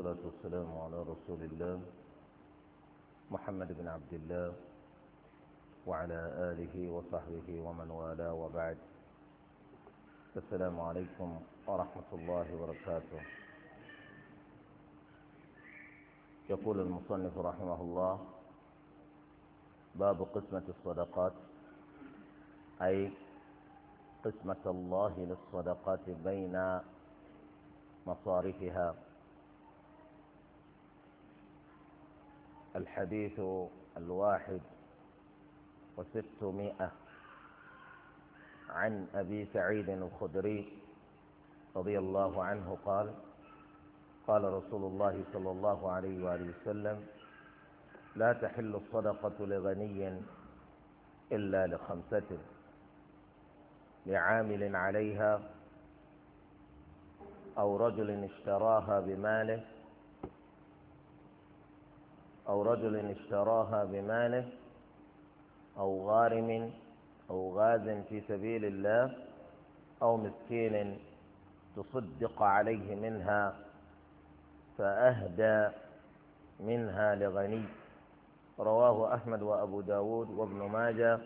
والصلاة والسلام على رسول الله محمد بن عبد الله وعلى آله وصحبه ومن والاه وبعد السلام عليكم ورحمة الله وبركاته يقول المصنف رحمه الله باب قسمة الصدقات أي قسمة الله للصدقات بين مصارفها الحديث الواحد وستمائة عن أبي سعيد الخدري رضي الله عنه قال قال رسول الله صلى الله عليه وآله وسلم لا تحل الصدقة لغني إلا لخمسة لعامل عليها أو رجل اشتراها بماله أو رجل اشتراها بماله أو غارم أو غاز في سبيل الله أو مسكين تصدق عليه منها فأهدى منها لغني رواه أحمد وأبو داود وابن ماجة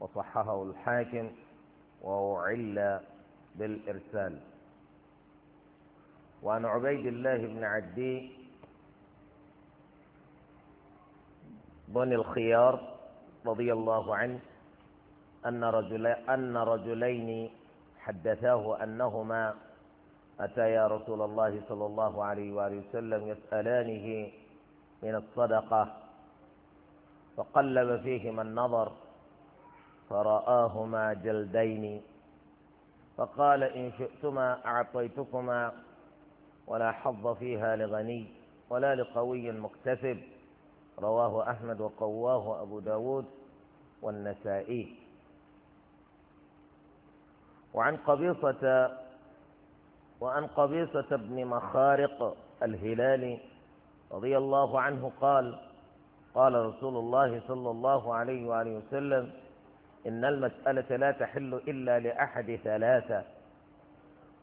وصححه الحاكم وأعل بالإرسال وعن عبيد الله بن عدي بن الخيار رضي الله عنه أن رجل أن رجلين حدثاه أنهما أتيا رسول الله صلى الله عليه وآله وسلم يسألانه من الصدقة فقلب فيهما النظر فرآهما جلدين فقال إن شئتما أعطيتكما ولا حظ فيها لغني ولا لقوي مكتسب رواه أحمد وقواه أبو داود والنسائي وعن قبيصة وعن قبيصة بن مخارق الهلالي رضي الله عنه قال قال رسول الله صلى الله عليه وآله وسلم إن المسألة لا تحل إلا لأحد ثلاثة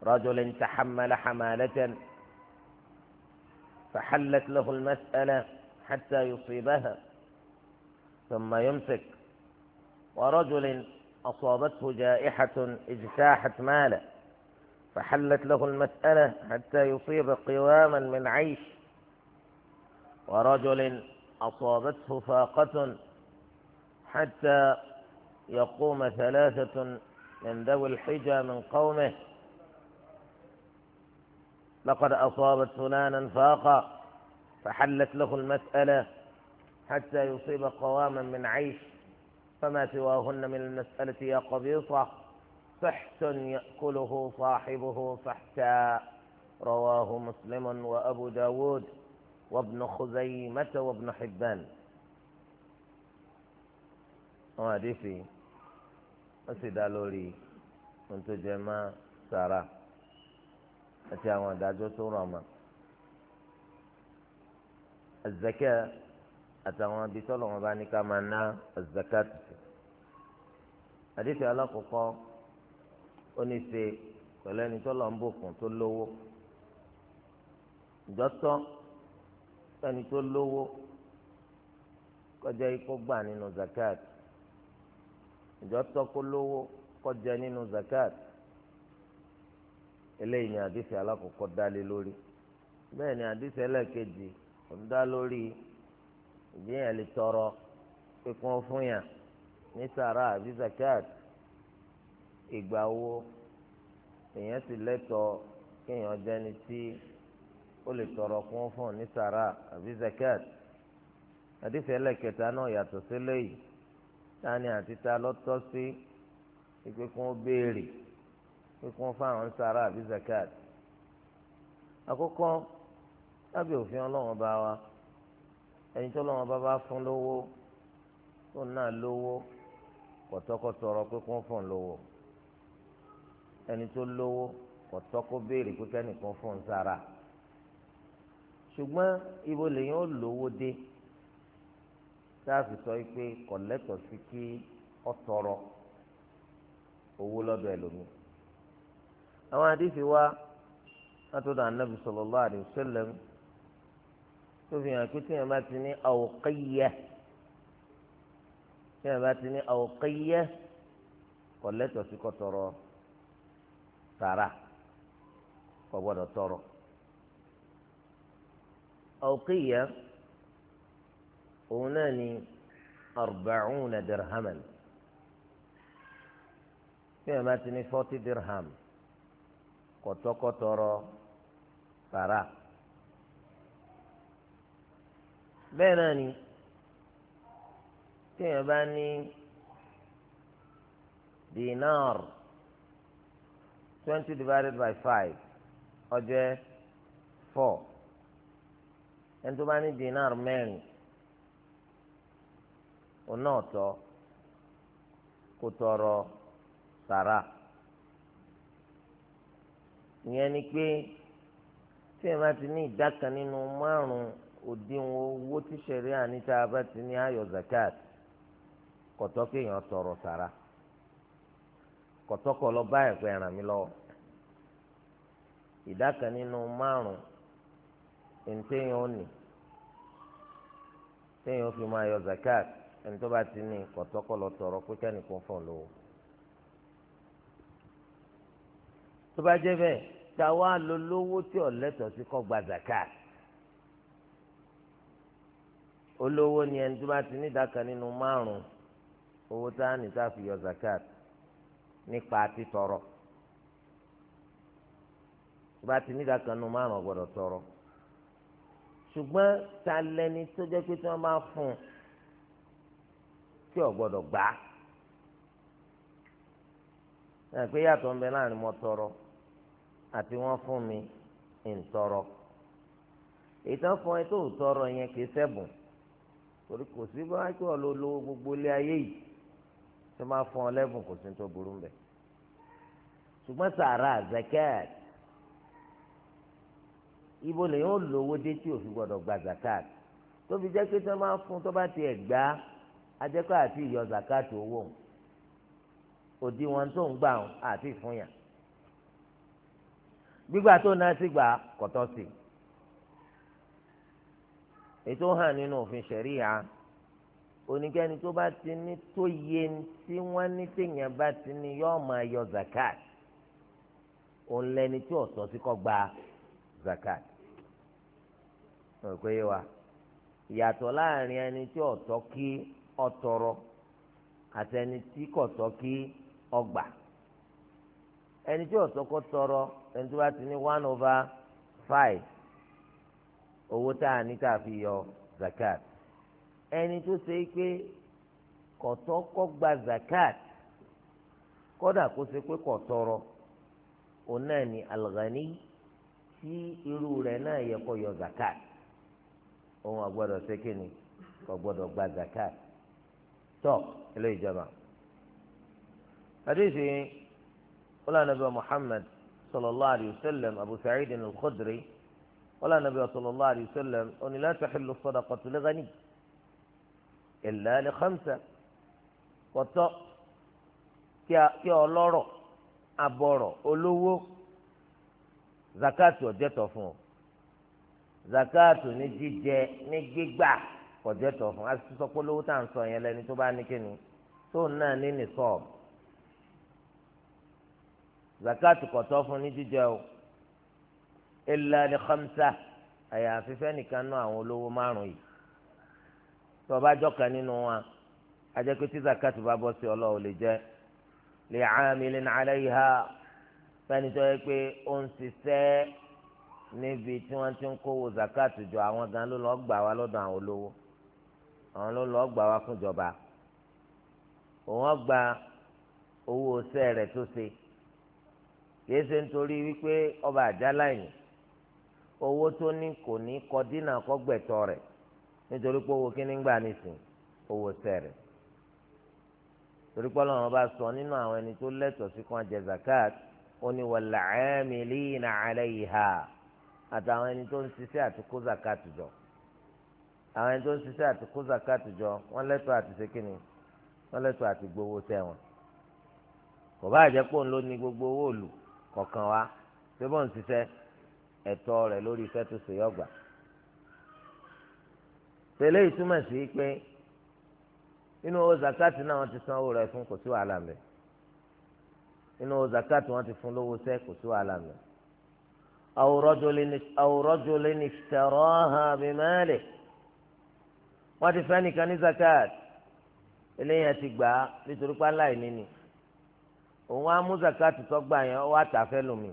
رجل تحمل حمالة فحلت له المسألة حتى يصيبها ثم يمسك ورجل أصابته جائحة اجتاحت ماله فحلت له المسألة حتى يصيب قواما من عيش ورجل أصابته فاقة حتى يقوم ثلاثة من ذوي الحجى من قومه لقد أصابت فلانا فاقة فحلت له المسألة حتى يصيب قواما من عيش فما سواهن من المسألة يا قبيصة سحت يأكله صاحبه صحتا رواه مسلم وأبو داود وابن خزيمة وابن حبان وحديثي أسيد لوري أنت جماعة سارة أتي أوان داجو azakẹ àtàwọn abisọlọ wọn bá ní ká máa ná azakẹ tuntun àdéhùn alákọ̀ọ́kọ́ ó ní ṣe pẹ̀lú ẹni tó lọ ń bòkun tó lówó ìjọ́tọ́ ẹni tó lówó kọjá ikú gbà nínú zakat ìjọ́tọ́ kó lówó kọjá nínú zakat eléyìí ni àdéhùn alákọ̀ọ́kọ́ dálé lórí bẹ́ẹ̀ ni àdéhùn ẹlẹ́ẹ̀kejì ó ń dá lórí ìdíyàn lè tọrọ pé kí wọ́n fún yàn ní sàrà àbí zakat ìgbà wo èèyàn sì lẹ́tọ̀ọ́ kéèyàn jẹ́ni tí ó lè tọrọ kí fún ní sàrà àbí zakat àdìsẹ́ ẹlẹ́kẹta náà yàtọ̀ sílẹ̀ yìí tani àti ta lọ́tọ́ sí pé kí wọ́n béèrè pé kí wọ́n sàrà àbí zakat àkọ́kọ́ lábẹ́ òfin ọlọ́run bá wa ẹni tó lọ́wọ́ bá bá fún lówó tó náà lówó kọ̀tọ́kọ̀tọ́ ọ̀rọ̀ pé kún fún lówó ẹni tó lówó kọ̀tọ́kọ̀ béèrè pé kẹ́nìkan fún sára ṣùgbọ́n ibo lèyìn ó lówó dé tá a fi sọ pé kọ̀lẹ́tọ̀ sí kí ọ tọrọ owó lọ́dọ̀ ẹlòmíì àwọn àdìsí wa látọ̀dọ̀ ànábì sallallahu alaihi wasallam tó fi hàn pé tí yẹn bá ti ní àwòkéyẹ tí yẹn bá ti ní àwòkéyẹ kò lẹ́tọ̀ọ́ sí kó tọrọ tààrà kò gbọ́dọ̀ tọrọ àwòkéyẹ òun náà ni arba'una dirhaman tí yẹn bá ti ní forty dirham kò tààrà. bẹ́ẹ̀ náà ni téèyàn bá ní dinar twenty divided by five ó jẹ́ four ẹni tó bá ní dinar mẹ́rin òun náà tọ́ kó tọrọ sàrà ìyẹn ni pé téèyàn bá ti ní ìdá kan nínú márùn-ún. òdiwọ̀n owó tí a bá ti ní zakat kọ̀tọ́ kéèyàn tọrọ sára kọ̀tọ́ kọ̀ lọ bá ẹ̀pẹ́ ràn mí lọ́wọ́ ìdá kan nínú márùn-ún ntẹ́yìn ó zakat ẹni bá ti ní lọ tọrọ pé kẹ́nìkan fọ̀ lọ́wọ́ tó bá jẹ́ bẹ́ẹ̀ tá a gba zakat. olówó ni ẹni tó bá ti ní ìdáka nínú márùn owó tá a ní tá a fi yọ zakat nípa títọrọ tó bá ti ní ìdáka nínú márùn ọgbọ́dọ̀ tọrọ ṣùgbọ́n ta lẹni tó jẹ́ pé tí wọ́n bá fún un tí ọgbọ́dọ̀ gbà á ẹ pé yàtọ̀ ń bẹ láàrin mo tọrọ àti wọ́n fún mi ń tọrọ ìtàn fún ẹ tó tọrọ yẹn kì í ṣẹ̀bùn torí kò sí bá kí wọn lo lówó gbogbo ilé ayé yìí tó máa fún ọ lẹ́bùn kò sí tó burú mbẹ ṣùgbọ́n sàrà zakat ibo lèyìn ó lówó dé tí òfin gbọdọ̀ gba zakat tó fi jẹ́ pé tó máa fún tó bá tiẹ̀ gbá ajẹ́kọ̀ àti ìyọ zakat owó òdiwọ̀n tó ń gbà àti ìfúnyà gbígbà tó náà sì gbà kọ̀tọ́ sí i. ètò hàn nínú òfin ṣẹ̀ríya oníkẹ́ni tó bá ti ní tó yẹ tí wọ́n ní téèyàn bá ti ní yóò máa yọ zakat òun lẹni tí ọ̀tọ̀ sí kọ́ gba zakat òkè wa ìyàtọ̀ láàrin ẹni tí ọ̀tọ́ kí ọ̀tọ̀rọ̀ àti ẹni tí kò tọ́ kí ọgbà ẹni tí ọ̀tọ̀ kọ́ tọrọ ẹni tó bá ti ní one over five owó tá a ní ká fi yọ zakat ẹni tó ṣe pé kọ̀tọ́ kọ́ gba zakat kódà kó ṣe pé kọ̀tọ́rọ̀ òun náà ni alghani tí irú rẹ̀ náà yẹ kó yọ zakat òun àgbọ̀dọ̀ ṣe kíni kò gbọ́dọ̀ gba zakat tọ́ ilé ìjọba hadisi wala nabi muhammad sallallahu alayhi wa sallam abu sa'id al-khudri wala nabi sallallahu alayhi wa sallam ó ní la tahillu sadaqatu li ghani illa li khamsa kọtọ kí ọlọ́rọ̀ abọrọ olówó zakatu ọjẹtọ fún ọ zakatu ní jíjẹ ní gbígbà ọjẹtọ fún àti sọ pé olówó tá à ń sọ yẹn lẹni tó bá ní kíni tóun náà ní nìsọọbù zakatu kọtọ fún ní jíjẹ o illa li khamsa àyàfi fẹ́nìkan náà àwọn olówó márùn yìí tó o bá nínú wọn ajẹ́pẹ́ zakat bá bọ́ sí ọlọ́ọ̀ lè jẹ́ li amilin alayha fẹ́ni tó yẹ pé ó ń ṣiṣẹ́ níbi tí wọ́n ti ń kówó zakat jọ àwọn gan ló lọ́ọ́ gbà wá lọ́dọ̀ àwọn olówó àwọn ló lọ́ọ́ gbà wá fúnjọba òun gba owó iṣẹ́ rẹ̀ tó ṣe kìí ṣe nítorí wípé ọba àjálá owó tó ní kò ní kọ dínà kọ́ gbẹ̀tọ́ rẹ̀ nítorí pé owó kíní gbà nísìn owó sẹ́rẹ̀ torí pé ọlọ́run bá sọ nínú àwọn ẹni tó lẹ́tọ̀ọ́ sí kan jẹ zakat ó ní wal-aamilina alayha àtàwọn ẹni tó ń ṣiṣẹ́ àti kó zakat jọ àwọn ẹni tó ń ṣiṣẹ́ àti kó zakat jọ wọ́n lẹ́tọ̀ọ́ àti ṣe kíni wọ́n lẹ́tọ̀ọ́ àti gbowó sẹ́wọ̀n kò bá jẹ́ pé ní gbogbo owó òlù kọ̀ọ̀kan wa ṣé bọ́n ń ṣiṣẹ́ ẹ̀tọ́ rẹ̀ lórí iṣẹ́ tó ṣe yọgbà tẹlẹ ìtumọ̀ sí pé nínú owó zakati náà wọ́n ti san owó rẹ̀ fún kò sí wàhálà mẹ́ nínú owó zakati wọ́n ti fún lówó sẹ́ kò sí wàhálà mẹ́ àwòrọ́jọlẹ́ ní tẹ̀rọ hàn mí mẹ́lẹ̀ wọ́n ti fẹ́ nìkan ní zakati eléyìí ti gbà á nítorí pé aláìní ni òun á mú zakati tó gbà yẹn ó wá tà fẹ́ lómi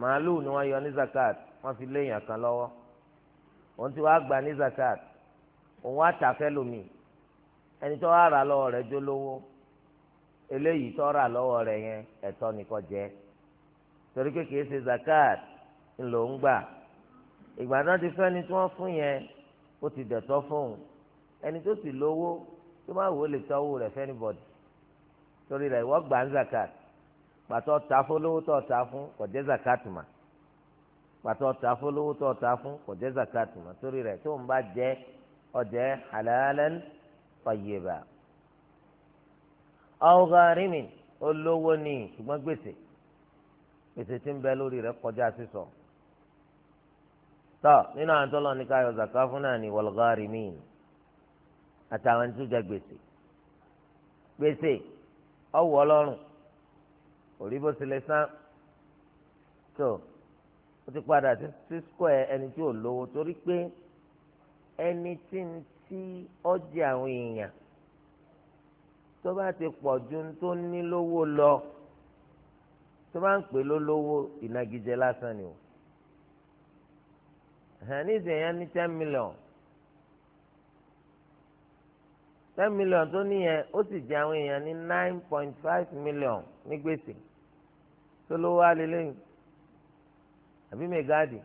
màálù ni wọ́n yọ ní zakat wọ́n fi léèyàn kan lọ́wọ́ òun ti wá gbà ní zakat òun wá tà fẹ́ lómi ẹni tó wá rà lọ́wọ́ rẹ̀ jó lówó eléyìí tó rà lọ́wọ́ rẹ̀ yẹn ẹ̀tọ́ nìkan jẹ́ torí pé kìí ṣe zakat ńlò ń gbà ìgbà náà ti fẹ́ ni tí wọ́n fún yẹn ó ti dẹ̀tọ́ fóun ẹni tó sì lówó tó má wò ó lè tọ́wọ́ rẹ̀ fẹ́ni bọ̀dì torí rẹ̀ ìwọ gbà ń zakat pàtó ta fún lówó tó ta fún kò jẹ́ zakatu ma pàtó ta fún lówó tó ta fún kò jẹ́ zakatu ma torí rẹ̀ tó ń bá jẹ́ ọjẹ́ halalan tayyiba. aw gharimin olówó ni ṣùgbọ́n gbèsè gbèsè tí ń bẹ lórí rẹ̀ kọjá sísọ. tọ́ nínú àwọn tó ní ká zaka fún náà ni wal àtàwọn tó jẹ gbèsè gbèsè ọwọ́ ọlọ́run. kò rí bó tilẹ̀ sán tó ó ti padà sí square ẹni tí ò lówó torí pé ẹni tí ń tí ọjà àwọn èèyàn tó bá ti pọ̀ ju tó ní lówó lọ tó bá ń pè lólówó ìnagijẹ lásán ni o hàn ní ìsèyàn ní ten million ten million tó níyẹn ó sì jẹ àwọn èèyàn ní nine point five million ní gbèsè tó ló wá lélẹ́yìn àbí mẹ́gáàdì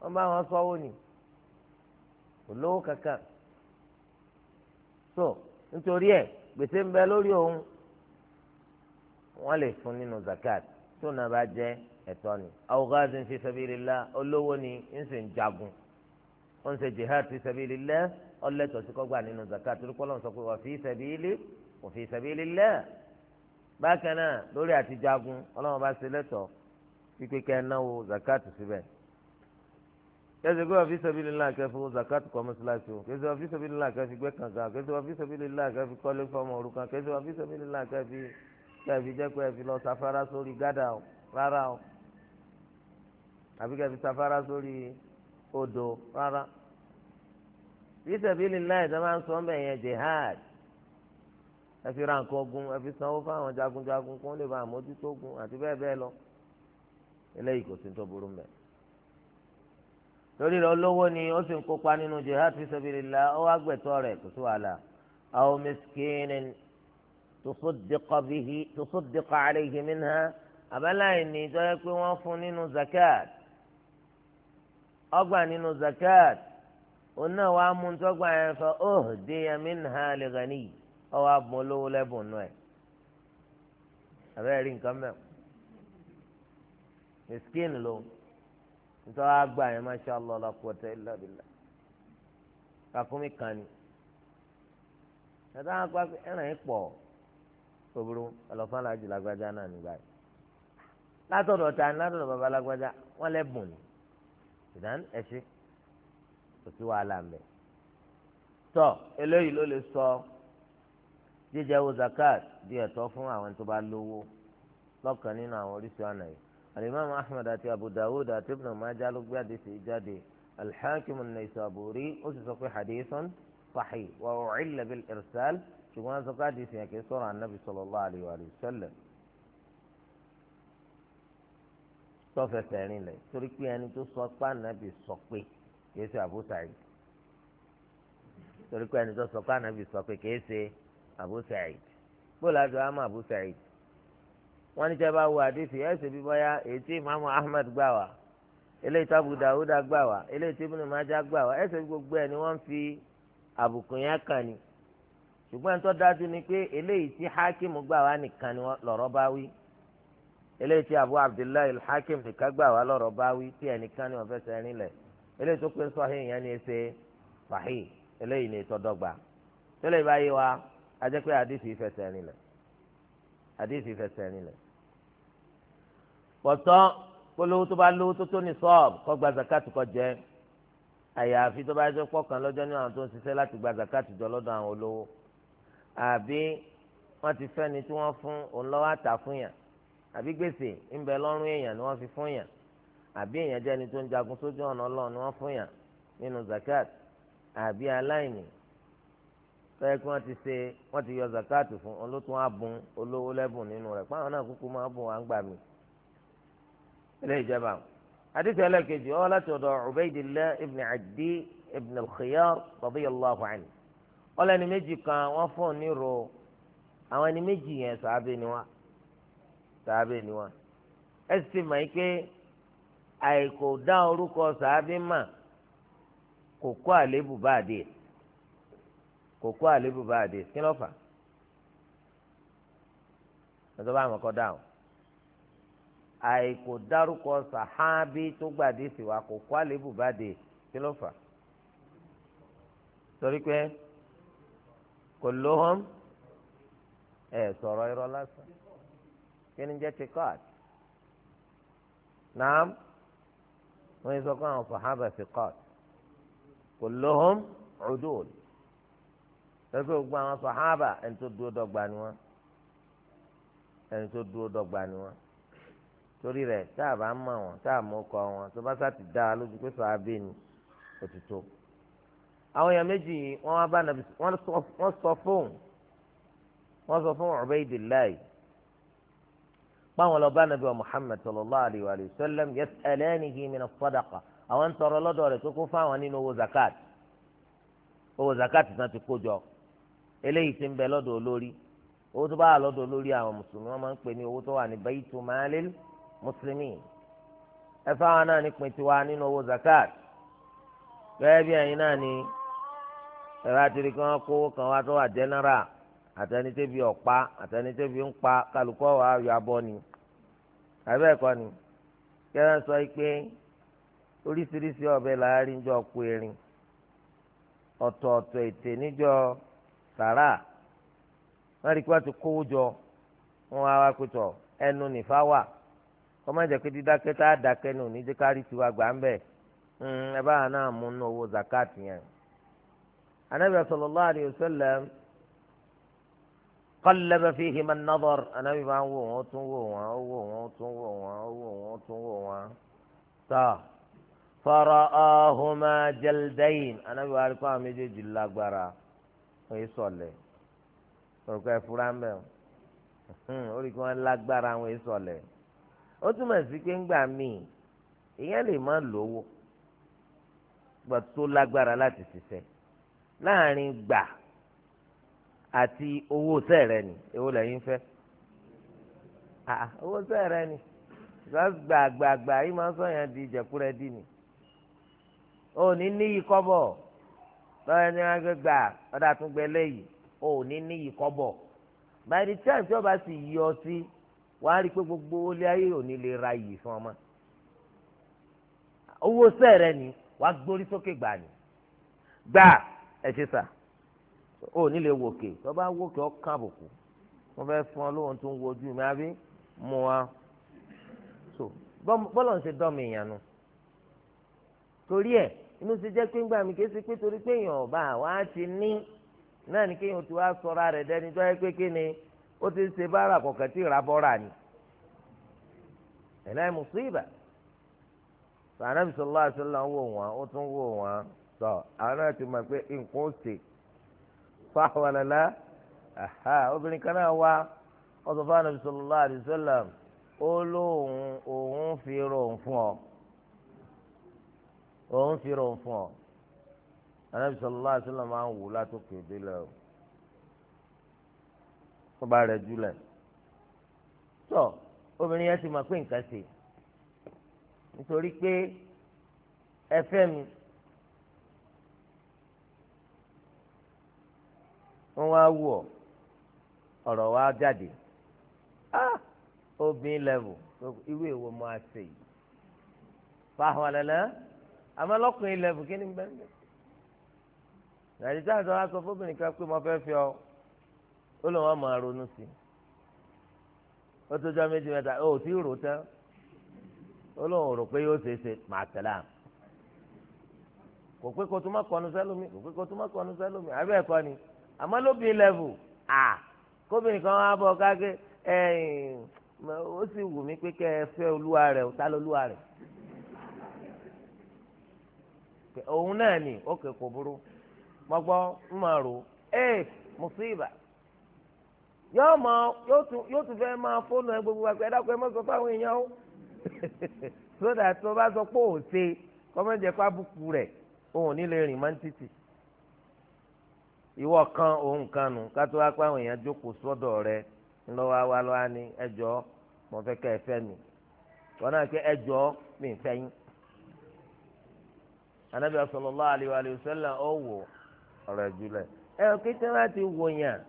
wọ́n bá wọn sọ́wọ́ ni kò lówó kankan so nítorí ẹ̀ gbèsè ń bẹ lórí òun wọ́n lè fún nínú zakat tó náà bá jẹ́ ẹ̀tọ́ ni awogazin fi sabilillah olówó ni ń sì ń jagun wọ́n ń ṣe jihad fi sabilillah ọlẹ́tọ̀ sí kọ́gbà nínú zakat torí kọ́ lọ́n sọ pé wà fi sabili wà fi sabilillah bákan náà lórí àti jagun ọlọ́run bá ṣe lẹ́tọ̀ pípé kẹ́ ẹ náwó zakat síbẹ̀ kẹsì pé wà fi sabilillah kẹfì zakat kọ́ mọ́ṣáláṣí o kẹsì wà fi sabilillah kẹfì gbẹ́ kànga kẹsì wà fi sabilillah kẹfì kọ́lé fọ́mọ òrukàn kẹsì wà fi sabilillah kẹfì kẹfì jẹ́ pé lọ safara sórí gádà rárá o àbí kẹfì safara sórí odò rárá fi sabilillahi ìjọba máa ń sọ ọ́nbẹ̀ yẹn jihad ẹ fi ra nǹkan ogun ẹ fi sanwó fáwọn jagunjagun kó lè ba àmójútó ogun àti bẹ́ẹ̀ bẹ́ẹ̀ lọ eléyìí kò sí tó burú mẹ́ torí rẹ olówó ni ó sì ń kópa nínú jihad fi sabilillah ó wá gbẹ̀tọ́ rẹ̀ kò sí wàhálà aw miskinin tusaddiqa bihi tusaddiqa alayhi minha àbáláyé ni ìjọ yẹ pé wọ́n fún nínú zakat ọgbà nínú zakat òun náà wàá mú tọgbà yẹn fọ oh deya minha li ghani ọwọ́ abùn olówó lẹ́bùn nù ẹ̀ àbẹ́rẹ́ rí nǹkan mẹ́wọ́ miskin ló nítorí àgbà yẹn masha allah la quwwata illa billah kakumi kan ni tata wọn gba ẹran yẹn pọ̀ kòbúrú ọlọ́fà làjù lágbájá náà nígbà yìí látọ̀dọ̀ ta ni látọ̀dọ̀ baba lágbájá wọn lẹ́bùn ni ìdáná ẹ ṣe kò sí wàhálà ń bẹ tọ eléyìí ló lè sọ jíjẹ wo zakat di ẹ̀tọ́ fún àwọn tó bá lówó lọ́kàn nínú àwọn oríṣi ọ̀nà yìí alimami ahmed àti abu dawud àti ibn maja ló gbé àdéhùn ìjáde alḥakim an-naysaburi ó sì sọ pé hadithun sahih wa u'illa bil irsal ṣùgbọ́n sọ pé yẹn kì í sọ̀rọ̀ anabi sallallahu alayhi wa sallam. tọ́fẹsẹ̀ rinlẹ̀ torí pé ẹni tó sọ pé ànábì sọ pé kìí ṣe Abu Sa'id torí pé ẹni tó sọ pé ànábì sọ pé kìí ṣe Abu Sa'id bóòlù àti ọmọ Abu Sa'id wọn ní tẹ bá wo àdìsí ẹsẹ bí bóyá ètí Imaamu Ahmad gbà wá eléyìí tí Abu Dawuda gbà wá eléyìí tí Ibn Majah gbà wá ẹsẹ gbogbo ẹ ni wọn fi àbùkù yẹn kàn ní ṣùgbọ́n tó dájú ni pé eléyìí tí Hakim gbà wá nìkan ni lọ́rọ́ bá wí eléyìí tí abu abdullahi alhakim nìkan gbà wá lọ́rọ̀ báwí tí ẹnìkan ni wọ́n fẹ́ sẹ́yìn nílẹ̀ eléyìí tó pé sahih yẹn ni ẹ ṣe sahih eléyìí ni ìtọ́dọ́gba tẹ́lẹ̀ ìbáyé wa a jẹ́ pé hadisi ìfẹsẹ̀ nílẹ̀ hadisi ìfẹsẹ̀ nílẹ̀ pọ̀tọ́ polówó tó bá lówó tó tó ní sọ́ọ̀bù kó gba zakat kó jẹ àyàfi tó bá jẹ́ pọ̀kan lọ́jọ́ ní àwọn tó ń ṣiṣẹ́ láti gba zakat jọ lọ́dọ̀ àwọn olówó àbí wọ́n ti fẹ́ni tí wọ́n fún òun lọ́wọ́ àtà fún yàn àbí gbèsè ń bẹ lọ́rùn èèyàn ni wọ́n fi fún yàn àbí èèyàn jẹ́ ẹni tó ń jagun sójú ọ̀nà Ọlọ́run ni wọ́n fún yàn nínú zakat àbí aláìní tọ́yẹ kí wọ́n ti ṣe wọ́n ti yọ zakat fún olótún abùn olówó lẹ́bùn nínú rẹ̀ pàwọn náà kúkú máa bùn wá ń gbà mí. ilé ìjọba àdìsẹ́ ẹlẹ́kejì ọ́ láti ọ̀dọ̀ Ubaydillah ibn Adi ibn al-Khiyar radiyallahu anhu ọlẹ́ni méjì kan wọ́n fún un ní ro àwọn ẹni méjì yẹn sàábẹ́ ni wọ́n sàábì ni wọn ẹ sì mọ̀ yìí pé àìkò dá orúkọ sàábì mà kò kó àlébù bá àdé kò kó àlébù bá àdé kí ló fà lọ́sọ̀ bá àwọn àìkò dárúkọ tó gbàdé kò kó àlébù bá kí ni jẹ́ tiqat naam wọ́n yẹ sọ pé àwọn sàhábà tiqat kulluhum udul lọ́sọ̀ gbogbo àwọn sàhábà ẹni tó dúró dọ́gba ni wọ́n ẹni tó dúró dọ́gba ni wọ́n torí rẹ̀ tá a bá ń mọ̀ wọn tá a mọ̀ kọ́ wọn tó bá sá ti dá a lójú pé sàhábà ni òtítọ́ àwọn èèyàn méjì wọ́n wá bá nàbì wọ́n sọ fóun wọ́n sọ fóun Ubaydillah báwọn lọ bá nàbí wa muhammed sallallahu alayhi wa sallam yas'alanihi min as-sadaqa àwọn ń tọrọ lọ́dọ̀ rẹ̀ kókó fáwọn nínú owó zakat owó zakat náà ti kó jọ eléyìí ti ń bẹ lọ́dọ̀ olórí owó tó bá wà lọ́dọ̀ olórí àwọn mùsùlùmí wọn máa ń pè ní owó tó wà ní baitu malil muslimin ẹ fáwọn náà ní pin tiwa nínú owó zakat gẹ́gẹ́ bí ẹ̀yin náà ni ẹ̀rọ àti ìrìkan kówó kan wá tó wà jẹ́nẹ́rà àtẹnitẹ́bi ọ̀pá àtẹnitẹ́bi ń pa kálukọ́ wa ayọ̀ abọ́ ni abẹ́ ẹ̀kọ́ ni kẹ́rẹ́ sọ pé oríṣiríṣi ọ̀bẹ láàrin jọ ku erin ọ̀tọ̀ọ̀tọ̀ ètè níjọ sàrà wọ́n rí i pé wọ́n ti kówó jọ wọ́n wá wá pẹ̀tọ̀ ẹnu nìfà wà kọ́ má jẹ́ pé dídákẹ́ tá a dákẹ́ nù ní jẹ́ ká rí tiwa gbà ń bẹ̀ hmm, ẹ báwa náà mú nínú owó zakat yẹn. anábìyà sallallahu alayhi wa sallam. قلب فيه من نظر anábì máa ń wò wọ́n tún wò wọ́n ó wò wọ́n tún wò wọ́n ó wò wọ́n tún wò wọ́n tọ́ fọ́rọ̀ ọ̀húnmá jẹ́lẹ́dẹ́yìn anábì wàá rí kọ́ àwọn méjèèjì lágbára oye sọ̀lẹ̀ orúkọ ẹ̀fúra ń kí wọ́n lágbára àwọn oye sọ̀lẹ̀ ó túmọ̀ sí pé ńgbà míì ìyẹn lè má lówó gbà tó lágbára láti ṣiṣẹ́ láàrin gbà. àti owó sẹ́ẹ̀rẹ́ ni èwo owó sẹ́ẹ̀rẹ́ ni gbàgbàgbà yìí máa ń sọ yẹn di ìjẹ̀kúrẹ́ dì ní o ní níyì kọ́bọ̀ lọ́yẹ̀ ní gbé gbà tún gbẹ lẹ́yìn o ní níyì by the time tí ọba sì gbogbo olé ayé ra iyì fún ọmọ owó ni wàá gbórí sókè gbà gbà ó nílé wòkè tó bá wòkè ọ kábùkù wọn fẹẹ fún ọ lóhun tó ń wojú mi àbí mú wa so bọ́lọ̀ ń ṣe dọ́mi èèyàn nu torí ẹ̀ inú ti jẹ́ pé ń gbà mí kí esi pé torí pé èèyàn ọba àwa ti ní náà ni kéèyàn ti wá sọra rẹ̀ dẹ́ni tó yẹ pé kí ni ó ti ń ṣe bára kọ̀ọ̀kan tí ìrà bọ́ra ni ẹ̀lẹ́ mùsíbà sànàbìsọ̀lá àṣọlá ń wò wọ́n ó tún wò wọ́n sọ àwọn náà ti mọ̀ pé nǹkan ó ṣe fáwọlẹ́lá obìnrin kan náà wá wọ́n sọ fún anabi sallallahu alaihi wasallam ó lóun òun fi ròhùn fún ọ òun fi ròhùn fún ọ anabi sallallahu alaihi máa ń wò látòkè délẹ̀ o tó bá rẹ̀ jùlẹ̀ tó obìnrin yẹn ti mọ̀ pé nǹkan ṣe nítorí pé ẹ fẹ́ mi. nwa wá wù ọ́ jáde ah obìnrin level iwe èwo mo á yìí fáwọn àlẹ́lẹ́ àmọ́ level kí ni bẹ́ẹ̀ bẹ́ẹ̀ nàìjíríà tí sọ wá sọ fóbìnrin kan pé mo fẹ́ fi ọ ó lọ wọn máa ronú sí ó tó jọ méjì mẹ́ta ó tí rò tán ó rò pé yóò ṣeé ṣe tẹ̀lé kò pé kó tó má kọnu sẹ́lómi kò pé kó tó àmọ́ lóbìnrin lẹ́vù à kóbìnrin kan wá bọ̀ káàké ẹ̀yìn ó sì wù mí pé kẹ́ ẹ fẹ́ olúwa rẹ̀ ó ta rẹ̀ òun náà ni ó kò burú ń máa rò ee mùsíbà yóò mọ yóò tún fẹ́ máa fóònù ẹ gbogbo àgbẹ̀ ẹ̀dá pé mọ́sọ̀ fáwọn èèyàn ó sódà tó bá sọ pé òun ṣe kọ́mọ́jẹ́ rẹ̀ òun ò ní lè rìn ìwọ kan òun kan nù kátó wá pé àwọn èèyàn jókòó sọ́dọ̀ rẹ ńlọ́wọ́ wa lọ́wọ́ ni ẹjọ́ mo fẹ́ kẹ́ ẹ fẹ́ mi wọn náà pé ẹjọ́ mi ń yín anabi sallallahu alayhi wa sallam ọ wò ọ̀rọ̀ ìjùlẹ̀ ẹ kété láti wò yàn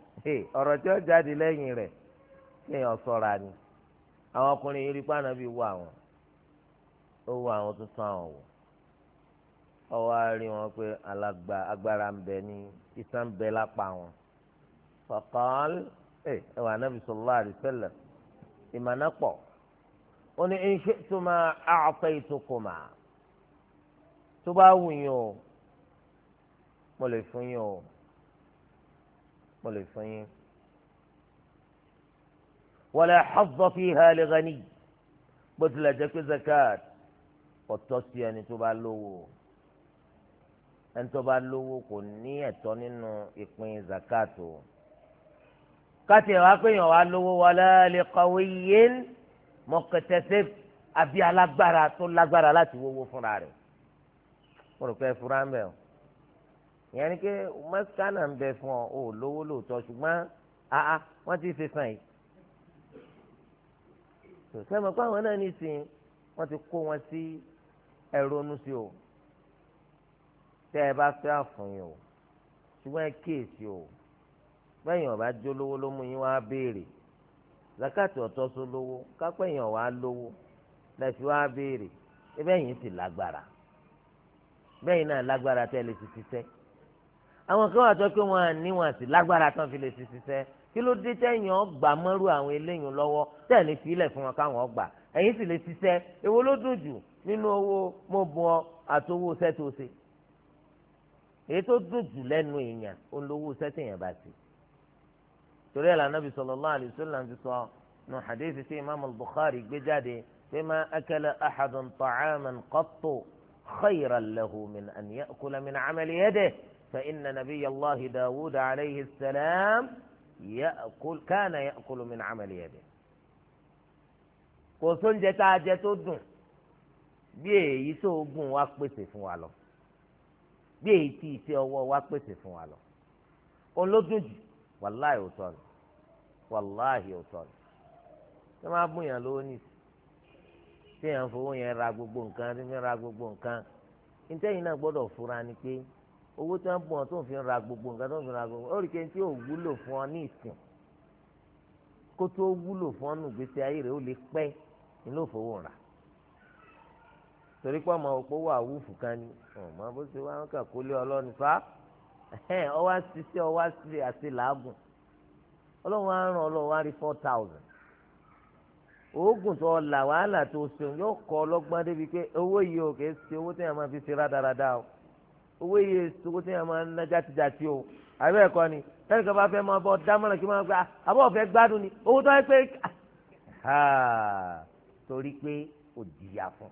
ọ̀rọ̀ tí ó jáde lẹ́yìn rẹ̀ kéèyàn ṣọ́ra ni àwọn ọkùnrin yìí rí pé anabi wò àwọn ó wò àwọn tó tán àwọn wò ọwọ́ á wọn pé alágbára ń bẹ ní ìtàn bẹ lápá wọn. fọkàn ẹ ẹ wà nábì sallallahu alaihi wasallam ìmọ̀nà pọ̀ ó ní in shi'tuma a'taytukuma tó bá wù yín o mo lè fún yín o mo lè fún yín. wala hazza fiha li ghani bó tilẹ̀ jẹ́ pé zakat ọ̀tọ́ sí ẹni tó bá lówó o ẹni tó bá lówó kò ní ẹ̀tọ́ nínú ìpín zakato káti ẹ̀wá péyàn wá lówó wala li qawiyyin muktasib àbí alágbára tó lágbára láti wówó fúnra rẹ̀ mo rò pé ẹ fura ń bẹ̀ o ìyẹn ni pé mọ́sánà ń bẹ fún ọ ò lówó lóòótọ́ ṣùgbọ́n àá wọ́n ti ṣe sàn yìí sọ̀tẹ́ mọ̀ pé àwọn náà ní ìsìn wọ́n ti kó wọn sí ẹ̀rọ onú sí o tẹ́ ẹ bá fẹ́ àfọyín o ṣùgbọ́n ẹ kíyèsí o bẹ́yìn ọ̀bá jó lówó ló mú yín wá béèrè zakati ọ̀tọ́ só lówó kápẹ́yìn ọ̀wá lówó lẹ́fi wá béèrè bẹ́yìn sì lágbára bẹ́yìn náà lágbára tẹ́ lè ti ṣiṣẹ́ àwọn kan wà tó pé wọn níwọ̀n sí lágbára tán fi lè ti ṣiṣẹ́ kí ló dé tẹ́yìn ọgbà mọ́rú àwọn eléyìn lọ́wọ́ tẹ́ẹ̀lì fílẹ̀ fún wọn káwọn ọgbà ẹ̀yìn sì lè ṣiṣẹ́ èwo ló dùn jù nínú owó mo bọ àtowó èyí tó dùn jù lẹ́nu èèyàn olówó sẹ́tìyàn bá ti torí ẹ̀ lànà bisọ̀ lọ́lá àlùsọ̀ là ń ti sọ nù hadith sí imaamu Bukhari gbé jáde pé má akala ahadun ta'aman qattu khayran lahu min an ya'kula min amali yadihi fa inna nabiyya allahi dawud alayhi salam ya'kul kana ya'kulu min amali yadihi. kò sóúnjẹ tá a jẹ tó dùn bí èyí tó gùn wá pèsè fún wa lọ. bí èyí tí iṣẹ́ ọwọ́ wa pèsè fún wa lọ òun ló dùn jù wàláhì òótọ́ ni wàláhì òótọ́ ni ṣé máa bùn yàn lówó ní ṣé yàn fowó yẹn ra gbogbo nǹkan rí mi ra gbogbo nǹkan ìtẹ́yìn náà gbọ́dọ̀ fura ni pé owó tí wọ́n bùn ọ tó ń fi ra gbogbo nǹkan tó ń fi ra gbogbo ó rí i pé tí ò wúlò fún ọ ní ìsìn kó tó wúlò fún ọ nù gbèsè ayé rẹ ó lè pẹ́ ní ló fowó rà torí pé ọmọ òpó wà wúfù kan ni ọmọ bó ṣe wá kà kó lé ọlọ́ni fa ọwá ṣiṣẹ́ ọwá ṣe àti làágùn ọlọ́run á ràn ọlọ́run wá rí four thousand oògùn tó là wàhálà tó ṣeun yóò kọ́ ọlọ́gbọ́n débi pé owó yìí ò kè é ṣe owó téèyàn máa fi ṣe rádaràda o owó yìí èso owó téèyàn máa ń ná játijàti o àbẹ́ ẹ̀kọ́ ni tẹ́lẹ̀ bá fẹ́ máa bọ́ dámọ̀ràn kí máa gba àbọ̀ ọ̀fẹ́ gbádùn ni owó tó wáyé pé ah, torí pé ò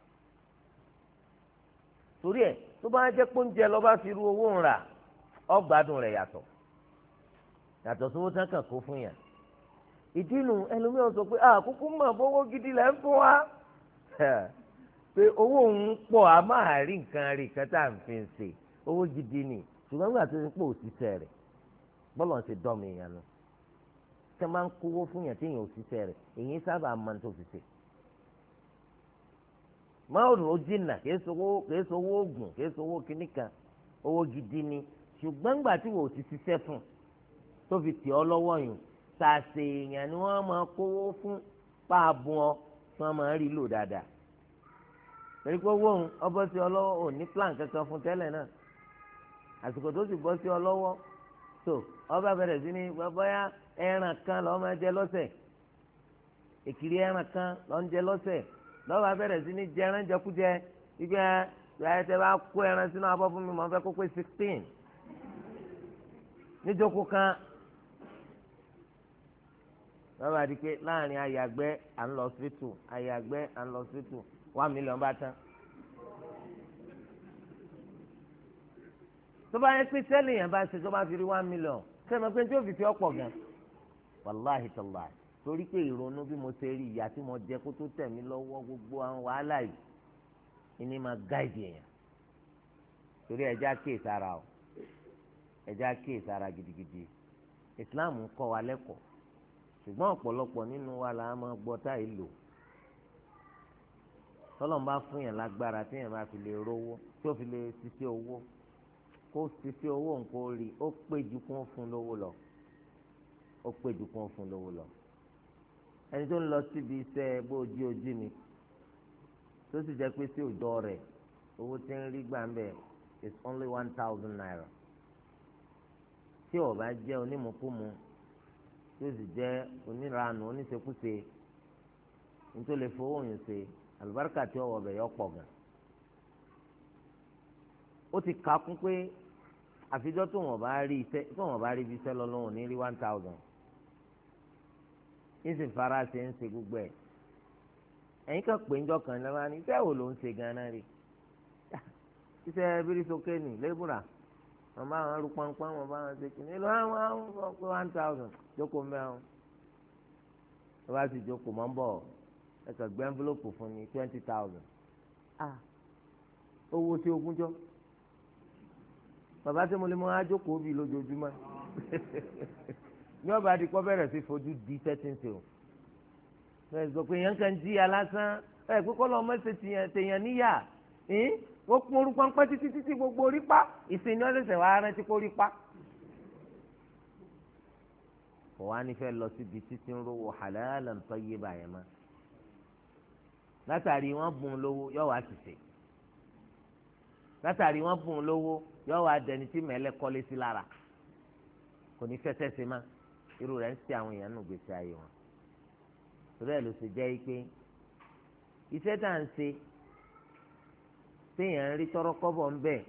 torí ẹ̀ tó bá jẹ́ pé oúnjẹ lọ bá fi ru owó ń rà ọgbàdùn rẹ̀ yàtọ̀ yàtọ̀ sówó tán kàn kó fún yàn ìdí nu ẹlòmíràn sọ pé àkókò mọ̀ bówó gidi lẹ́ ń fún wa pé owó òun pọ̀ a máa rí nǹkan rí nǹkan tá à ń fi ń ṣe owó gidi ni ṣùgbọ́n nígbà tó ń pò òṣìṣẹ́ rẹ̀ bọ́lọ̀ ń ṣe dọ́mi ìyànnu tẹ́ máa ń kówó fún yàn tí èèyàn òṣìṣẹ́ rẹ̀ èyí sábà máa ń tó fi ṣe máwòrán ó jìnnà kìí sowó kìí sowó oògùn kìí sowó kìíní kan owó gidi ni ṣùgbọ́n gbà tí wò ó ti ṣiṣẹ́ fún tó fi tì ọ́ lọ́wọ́ yìí sàṣe èèyàn ni wọ́n máa kówó fún páàbù ọ tí wọ́n máa rí lò dáadáa torí pé owó òun ọbọ̀ sí ọ lọ́wọ́ ò ní plan kankan fún tẹ́lẹ̀ náà àsìkò tó sì bọ́ sí ọ lọ́wọ́ tó ọba bẹ̀rẹ̀ sí ni bọ́yá ẹran kan lọ́ọ́ máa jẹ lọ́sẹ̀ èkìrí ẹran kan lọ́ọ́ ń jẹ lọ́sẹ̀ lọ́wọ́ abẹ́rẹ́ sí ní jẹ ẹran jẹkújẹ gbígbẹ́ ìyáyẹ tẹ bá kó ẹran sínú abọ́ fún mi mọ̀ fẹ́ kó pé sixteen níjókòó kan lọ́wọ́ àti pé láàrin àyàgbẹ́ à ń lọ síìtù àyàgbẹ́ à ń lọ síìtù one million bá tán. tó bá yẹ pé sẹ́lẹ̀ yẹn bá ṣe tó bá fi rí one million sẹ́mi pé tí ó fi fi ọ̀pọ̀ gan wàláhìí tó láì torí pé ìrònú bí mo ṣe rí ìyá tí mo jẹ kó tó tẹ̀ mí lọ́wọ́ gbogbo àwọn wàhálà yìí ìní máa gáìdì èèyàn torí ẹja kéè sára o ẹja kéè sára gidigidi Islam ń kọ́ wa lẹ́kọ̀ọ́ ṣùgbọ́n ọ̀pọ̀lọpọ̀ nínú wa là á máa gbọ́ táyì lò tọ́lọ́n bá fún yàn lágbára tí yàn bá fi lè rówó tí ó fi lè ṣiṣẹ́ owó kó ṣiṣẹ́ owó nǹkan rí ó pé kún fún lówó lọ ó pé kún fún lówó lọ ẹni tó ń lọ síbi iṣẹ́ bó ojú ojú ni tó sì jẹ́ pé sí òjò rẹ̀ owó tí ń rí gbà ń bẹ̀ is only one thousand naira tí ó bá jẹ́ onímùkúmu tí ó sì jẹ́ oníranù oníṣekúṣe nítorí lè fowó yín ṣe àlùbáríkà tí ọwọ́ bẹ̀ yọ pọ̀ gan ó ti kà kún pé àfijọ́ tó wọ́n bá rí iṣẹ́ tó wọ́n bá rí ibi iṣẹ́ lọ́lọ́wọ́n ní rí one thousand yín sì fara ṣe ń ṣe gbogbo ẹ̀ ẹ̀yin kan pè ń jọ kàn lọ́wọ́ ni iṣẹ́ wo ló ń ṣe gan-an rí iṣẹ́ bírísókè nì lébùrà wọn bá wọn rú pọnpọn wọn bá wọn ṣe kìnnìún lọ àwọn àwọn ọkọ one thousand jókòó mẹ́rin wọn bá sì jókòó mọ́ ń bọ̀ ẹ̀ka gbé envelope fún mi twenty thousand ah owó tí ogún jọ bàbá tí mo lè mọ ajókòó bíi lójoojúmọ́. ní ọba àdìpọ̀ bẹ̀rẹ̀ sí fojú di sẹ́tíǹtì o bẹ́ẹ̀ sọ pé yẹn kàn jí alásán ẹ̀ pé kọ́lọ́ ọmọ ṣe tèèyàn níyà ẹ̀ ó kún orúkọ ńpẹ́ títí títí gbogbo orí pa ìsìn ní ọ̀sẹ̀ wàá rántí kó rí pa. kò wá ní fẹ́ lọ síbi títí ń rówó halalan tayyiba báyẹn mọ́ látàrí wọ́n bùn lówó yọ wá ṣìṣe látàrí wọ́n bùn lówó yọ wá dẹni tí mẹ́lẹ́ kọ́lé sí lára kò ní fẹ́ tẹ́sí máa irú rẹ̀ ń ṣe àwọn èèyàn nù gbèsè ayé wọn torí ẹ̀ ló ṣe jẹ́ pé iṣẹ́ tá à ń ṣe téèyàn ń rí tọ́rọ́ kọ́bọ̀ ń bẹ̀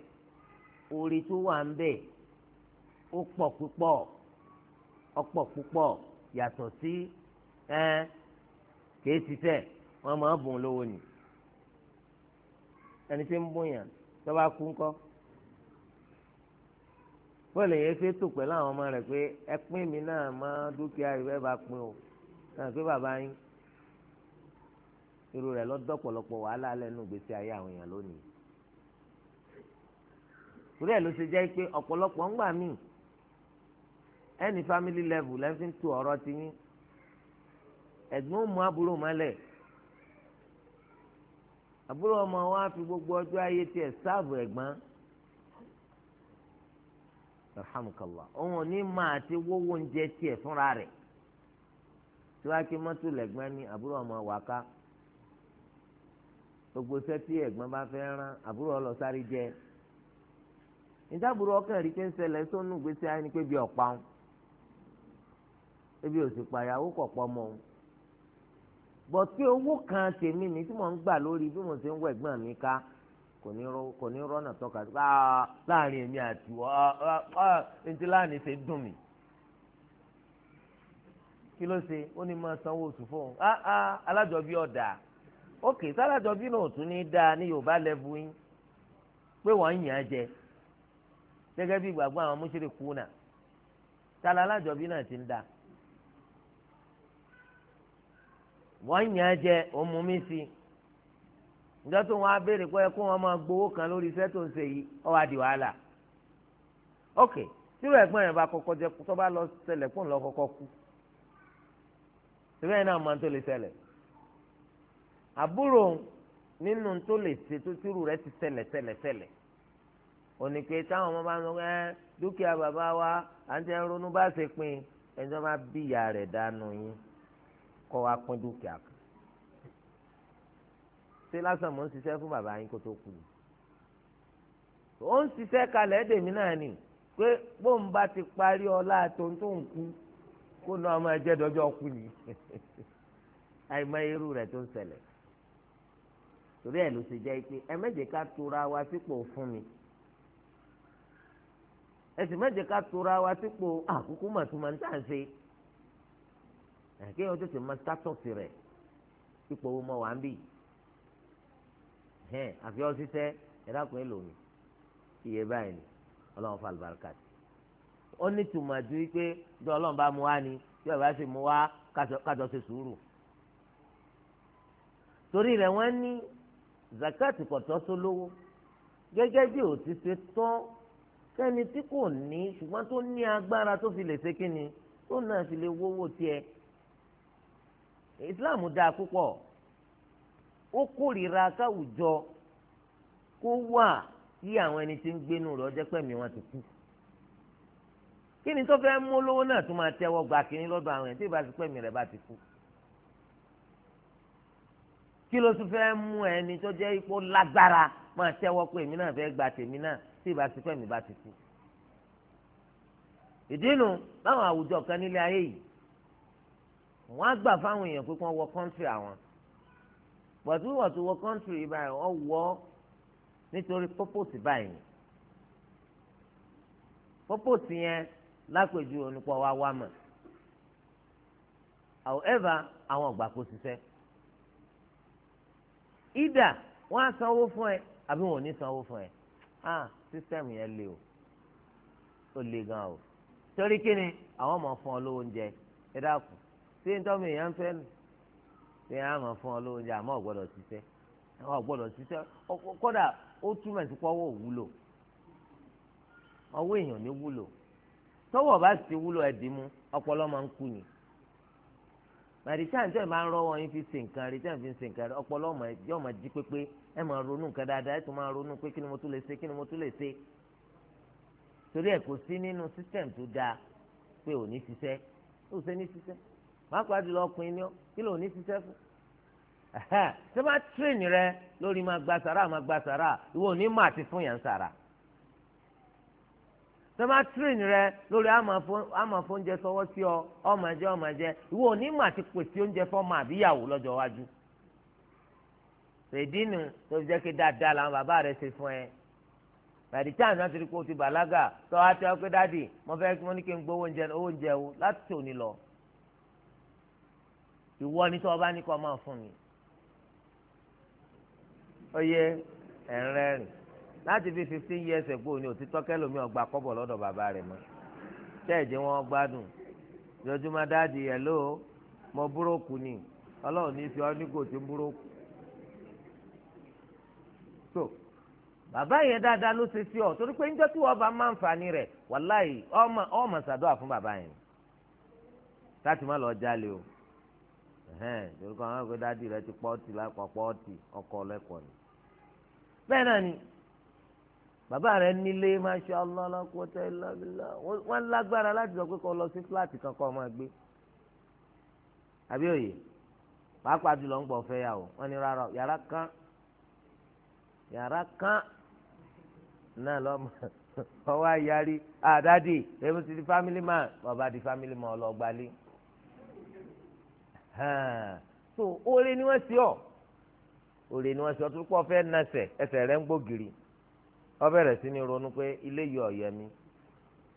orí tó wà ń bẹ̀ ó pọ̀ púpọ̀ ọ̀pọ̀ púpọ̀ yàtọ̀ sí ẹ kìí ṣiṣẹ́ wọn máa bùn lówó ni ẹni tí ń bùn yàn tó bá kú ńkọ́ bọ́ọ̀lù yẹn ṣe tó pẹ̀lú àwọn ọmọ rẹ̀ pé ẹ pín mi náà mọ́ dúkìá rẹ̀ bá pín o náà pé bàbá yín irú rẹ̀ lọ́dọ̀pọ̀lọpọ̀ wàhálà lẹ́nu gbèsè ayé àwọn èèyàn lónìí torí ẹ̀ ló ṣe jẹ́ pé ọ̀pọ̀lọpọ̀ ń gbà míì ẹni family level lẹ́fí ń tu ọ̀rọ̀ ti yín ẹ̀gbọ́n mú àbúrò mọ́lẹ̀ àbúrò ọmọ wa fi gbogbo ọjọ́ ayé tiẹ̀ sáàbù ẹ̀gbọ́n alhamdulilah òun ò ní máa ti wówó oúnjẹ tiẹ̀ fúnra rẹ̀ tí wàá kí mọ́tò lẹ́gbẹ́ ní àbúrò ọmọ wàká gbogbo sẹ́tì ẹ̀gbọ́n bá fẹ́ rán àbúrò ọlọ́sáré jẹ ìdábùrò ọkàn rí pé ń ṣẹlẹ̀ sónú gbèsè ayé ni pé bí ọ̀pá ń ebi òsì pàyàwó kọ̀pọ̀ mọ́ ń bọ̀ tí owó kan tèmi ní tí mò ń gbà lórí bí mo ṣe ń wọ ẹ̀gbọ́n mi ká kò ní rọ́nà tọ́ka sí ah, láàrin èmi àti wọ́n ah, ah, ntí láàrin ṣe dùn mí kí ló ṣe ó ní máa sanwó oṣù fóun alájọbí ọ̀dà ókè sálájọbí náà tún ní dáa ní yorùbá lẹ́bù yín pé wọ́n ń yàn án jẹ gẹ́gẹ́ bí ìgbàgbọ́ àwọn mùsùlùmí kú náà tala alájọbí náà ti ń dáa wọ́n ń yàn án jẹ òun mú mi sí i. ìjọ tó wọn á béèrè pé kó wọn máa gbowó kan lórí iṣẹ́ tó ń ṣe yìí ó wá di wàhálà ok tíwọ ẹ̀gbọ́n yẹn bá kọ́kọ́ jẹ tó bá lọ ṣẹlẹ̀ kó ń lọ kọ́kọ́ kú síbẹ̀ náà máa tó lè ṣẹlẹ̀ àbúrò nínú tó lè ṣe tó tírù rẹ ti ṣẹlẹ̀ ṣẹlẹ̀ ṣẹlẹ̀ oníke táwọn ọmọ bá ń sọ ẹ dúkìá bàbá wa à ń tẹ ronú bá ṣe pín ẹjọ́ bá bí ìyá dànù yín kọ́ wa pín dúkìá kan ṣé lásán mò ń ṣiṣẹ́ fún bàbá yín kó tó kú ni ó ń ṣiṣẹ́ kalẹ̀ ẹ̀dẹ̀mí náà ni pé bóun bá ti parí ọlá tóun tó ń kú kó náà máa jẹ́ dọ́jọ́ kú ni àìmọ irú rẹ̀ tó ń ṣẹlẹ̀ torí ẹ̀ ló ṣe jẹ́ pé ẹ mẹ́jẹ̀ ká tura wa sípò fún mi ẹ sì mẹ́jẹ̀ ká tura wa sípò àkókò màtúmọ̀ ní tàn ṣe kí ẹ tètè máa sátọ̀sì rẹ̀ sípò owó wà ń bì yìí àfi ọ́ ṣiṣẹ́ ẹ̀dàkùn ẹ̀ lòun iye báyìí ni ọlọ́run fa àlùbáríkà sí ó ní tùmọ̀ ju wípé bí ọlọ́run bá mu wá ni bí ọba sì mu wá kájọ ṣe sùúrù torí rẹ̀ wọ́n ní zakati kọ̀tọ́ tó lówó gẹ́gẹ́ bí ó ti ṣe tán tí kò ní ṣùgbọ́n tó ní agbára tó fi lè ṣe kí ni tó náà fi lè wówó tiẹ̀ ìsìláàmù dáa púpọ̀ ó kórìíra káwùjọ kó wà kí àwọn ẹni tí ń gbénu rẹ̀ ọjọ́ pẹ̀mí wọn ti kú kí ni tó fẹ́ mú lówó náà tó máa tẹ́wọ́ gba kínní lọ́dọ̀ àwọn ẹ̀ tí ìbá ti pẹ̀mí rẹ̀ bá ti kú kí ló tún fẹ́ mú ẹni tó jẹ́ ipò lágbára máa tẹ́wọ́ pé èmi náà fẹ́ gba tèmi náà tí ìbá ti pẹ̀mí bá ti kú ìdínú báwọn àwùjọ kan nílé ayé yìí wọ́n á gbà fáwọn èèyàn pé kí wọ́n wọ kọ́ńtì àwọn bàtú wàtú wọ kọ́ńtìrì báyìí wọ́n wọ́ nítorí pọ́pọ́sì báyìí pọ́pọ́sì yẹn lápèjú onípọ̀ wa wá mọ̀ however àwọn ọ̀gbà kò ṣiṣẹ́ ìdá wọ́n á sanwó fún ẹ àbí wọn ò ní sanwó fún ẹ ah system yẹn le o ó le gan o torí kí ni àwọn ọmọ fún ọ lówó oúnjẹ ẹ dákun sí ní tọ́mù èèyàn ń fẹ́ nù pé a máa fún ọ lóúnjẹ àmọ́ ọ̀gbọ́dọ̀ ṣiṣẹ́ àwọn ọ̀gbọ́dọ̀ ṣiṣẹ́ kódà ó túmọ̀ sí pọ́wọ́ òwúlò ọwọ́ èèyàn ní wúlò tọ́wọ́ bá sì wúlò ẹ̀dín mú ọpọlọ máa ń kú ni màdì tí àǹtẹ̀ máa ń rọ́wọ́ yín fi ṣe nǹkan rí tí àǹtẹ̀ fi ń ṣe nǹkan rí ọpọlọ yóò máa jí pépé ẹ máa ronú nǹkan dáadáa ẹ tún máa ronú pé kí ni mo tún lè ṣe kí ni mo tún lè ṣe torí ẹ̀ kò sí nínú system tó dáa pé ò ní ṣiṣẹ́ ó ṣe ní ṣiṣẹ́ pàápàá jùlọ ọkùnrin ni ọ kí ló ní ṣiṣẹ́ fún ṣé bá tírìnì rẹ lórí máa gba sàrà máa gba sàrà ìwọ ò ní mà ti fún yàn sàrà ṣé bá tírìnì rẹ lórí àmàfó oúnjẹ sọwọ́ sí ọ ọmọ ẹjẹ ọmọ ẹjẹ ìwọ ò ní mà ti pèsè oúnjẹ fọmọ àbíyàwó lọ́jọ́ iwájú ṣèdínú tó fi jẹ́ kí dáadáa làwọn bàbá rẹ ṣe fún ẹ bàdí tí àná ti rí kó o ti bàlágà tó wá tẹ́ ọ pé dáàdì mo fẹ́ kí ní kí n gbowó oúnjẹ owó oúnjẹ wo láti tòun ní lọ. ìwọ ni tí wọn bá ní kó máa fún mi ó yẹ ẹ̀rẹ́rìn láti fi fifteen years ago ni òtítọ́ kẹlòmí ọgbà kọ́bọ̀ lọ́dọ̀ bàbá rẹ̀ mọ́ tẹ́ẹ̀dì wọn gbádùn jọjúmọ́ dáàdì ẹ̀ ló mọ búrókù ni ọlọ́run ní fi ọ́ nígò tí ń búrókù so bàbá yẹn dáadáa ló ṣe sí ọ torí pé níjọ́ tí wọ́n bá máa ń fani rẹ̀ wàláì ọmọ ọmọ ṣàdúrà fún bàbá yẹn láti má lọ jalè o torí kan àwọn ọ̀gbẹ́dá dì rẹ ti pọ́ọ̀tì lápá pọ́ọ̀tì ọkọ̀ ọlẹ́kọ̀ọ́ ni. bẹ́ẹ̀ náà ni bàbá rẹ nílé masha allah la quwwata illa billah wọ́n lágbára láti sọ pé kó lọ sí fúláàtì kan kó máa gbé àbí òye pàápàá jùlọ ń gbọ́ fẹ́ yà o wọ́n ní rárá yàrá kan yàrá kan náà lọ́mọ ọwọ́ àyàrí àdádì ah, èmi ti di family man bàbá di family man ọlọ́gbálẹ́ so oore ni wọ́n ṣe ọ́ oore ni wọn si ọ́ tó kọ́ fẹ́ nasẹ̀ ẹsẹ̀ rẹ̀ ń gbógiri sí ni ronú pé ilé mi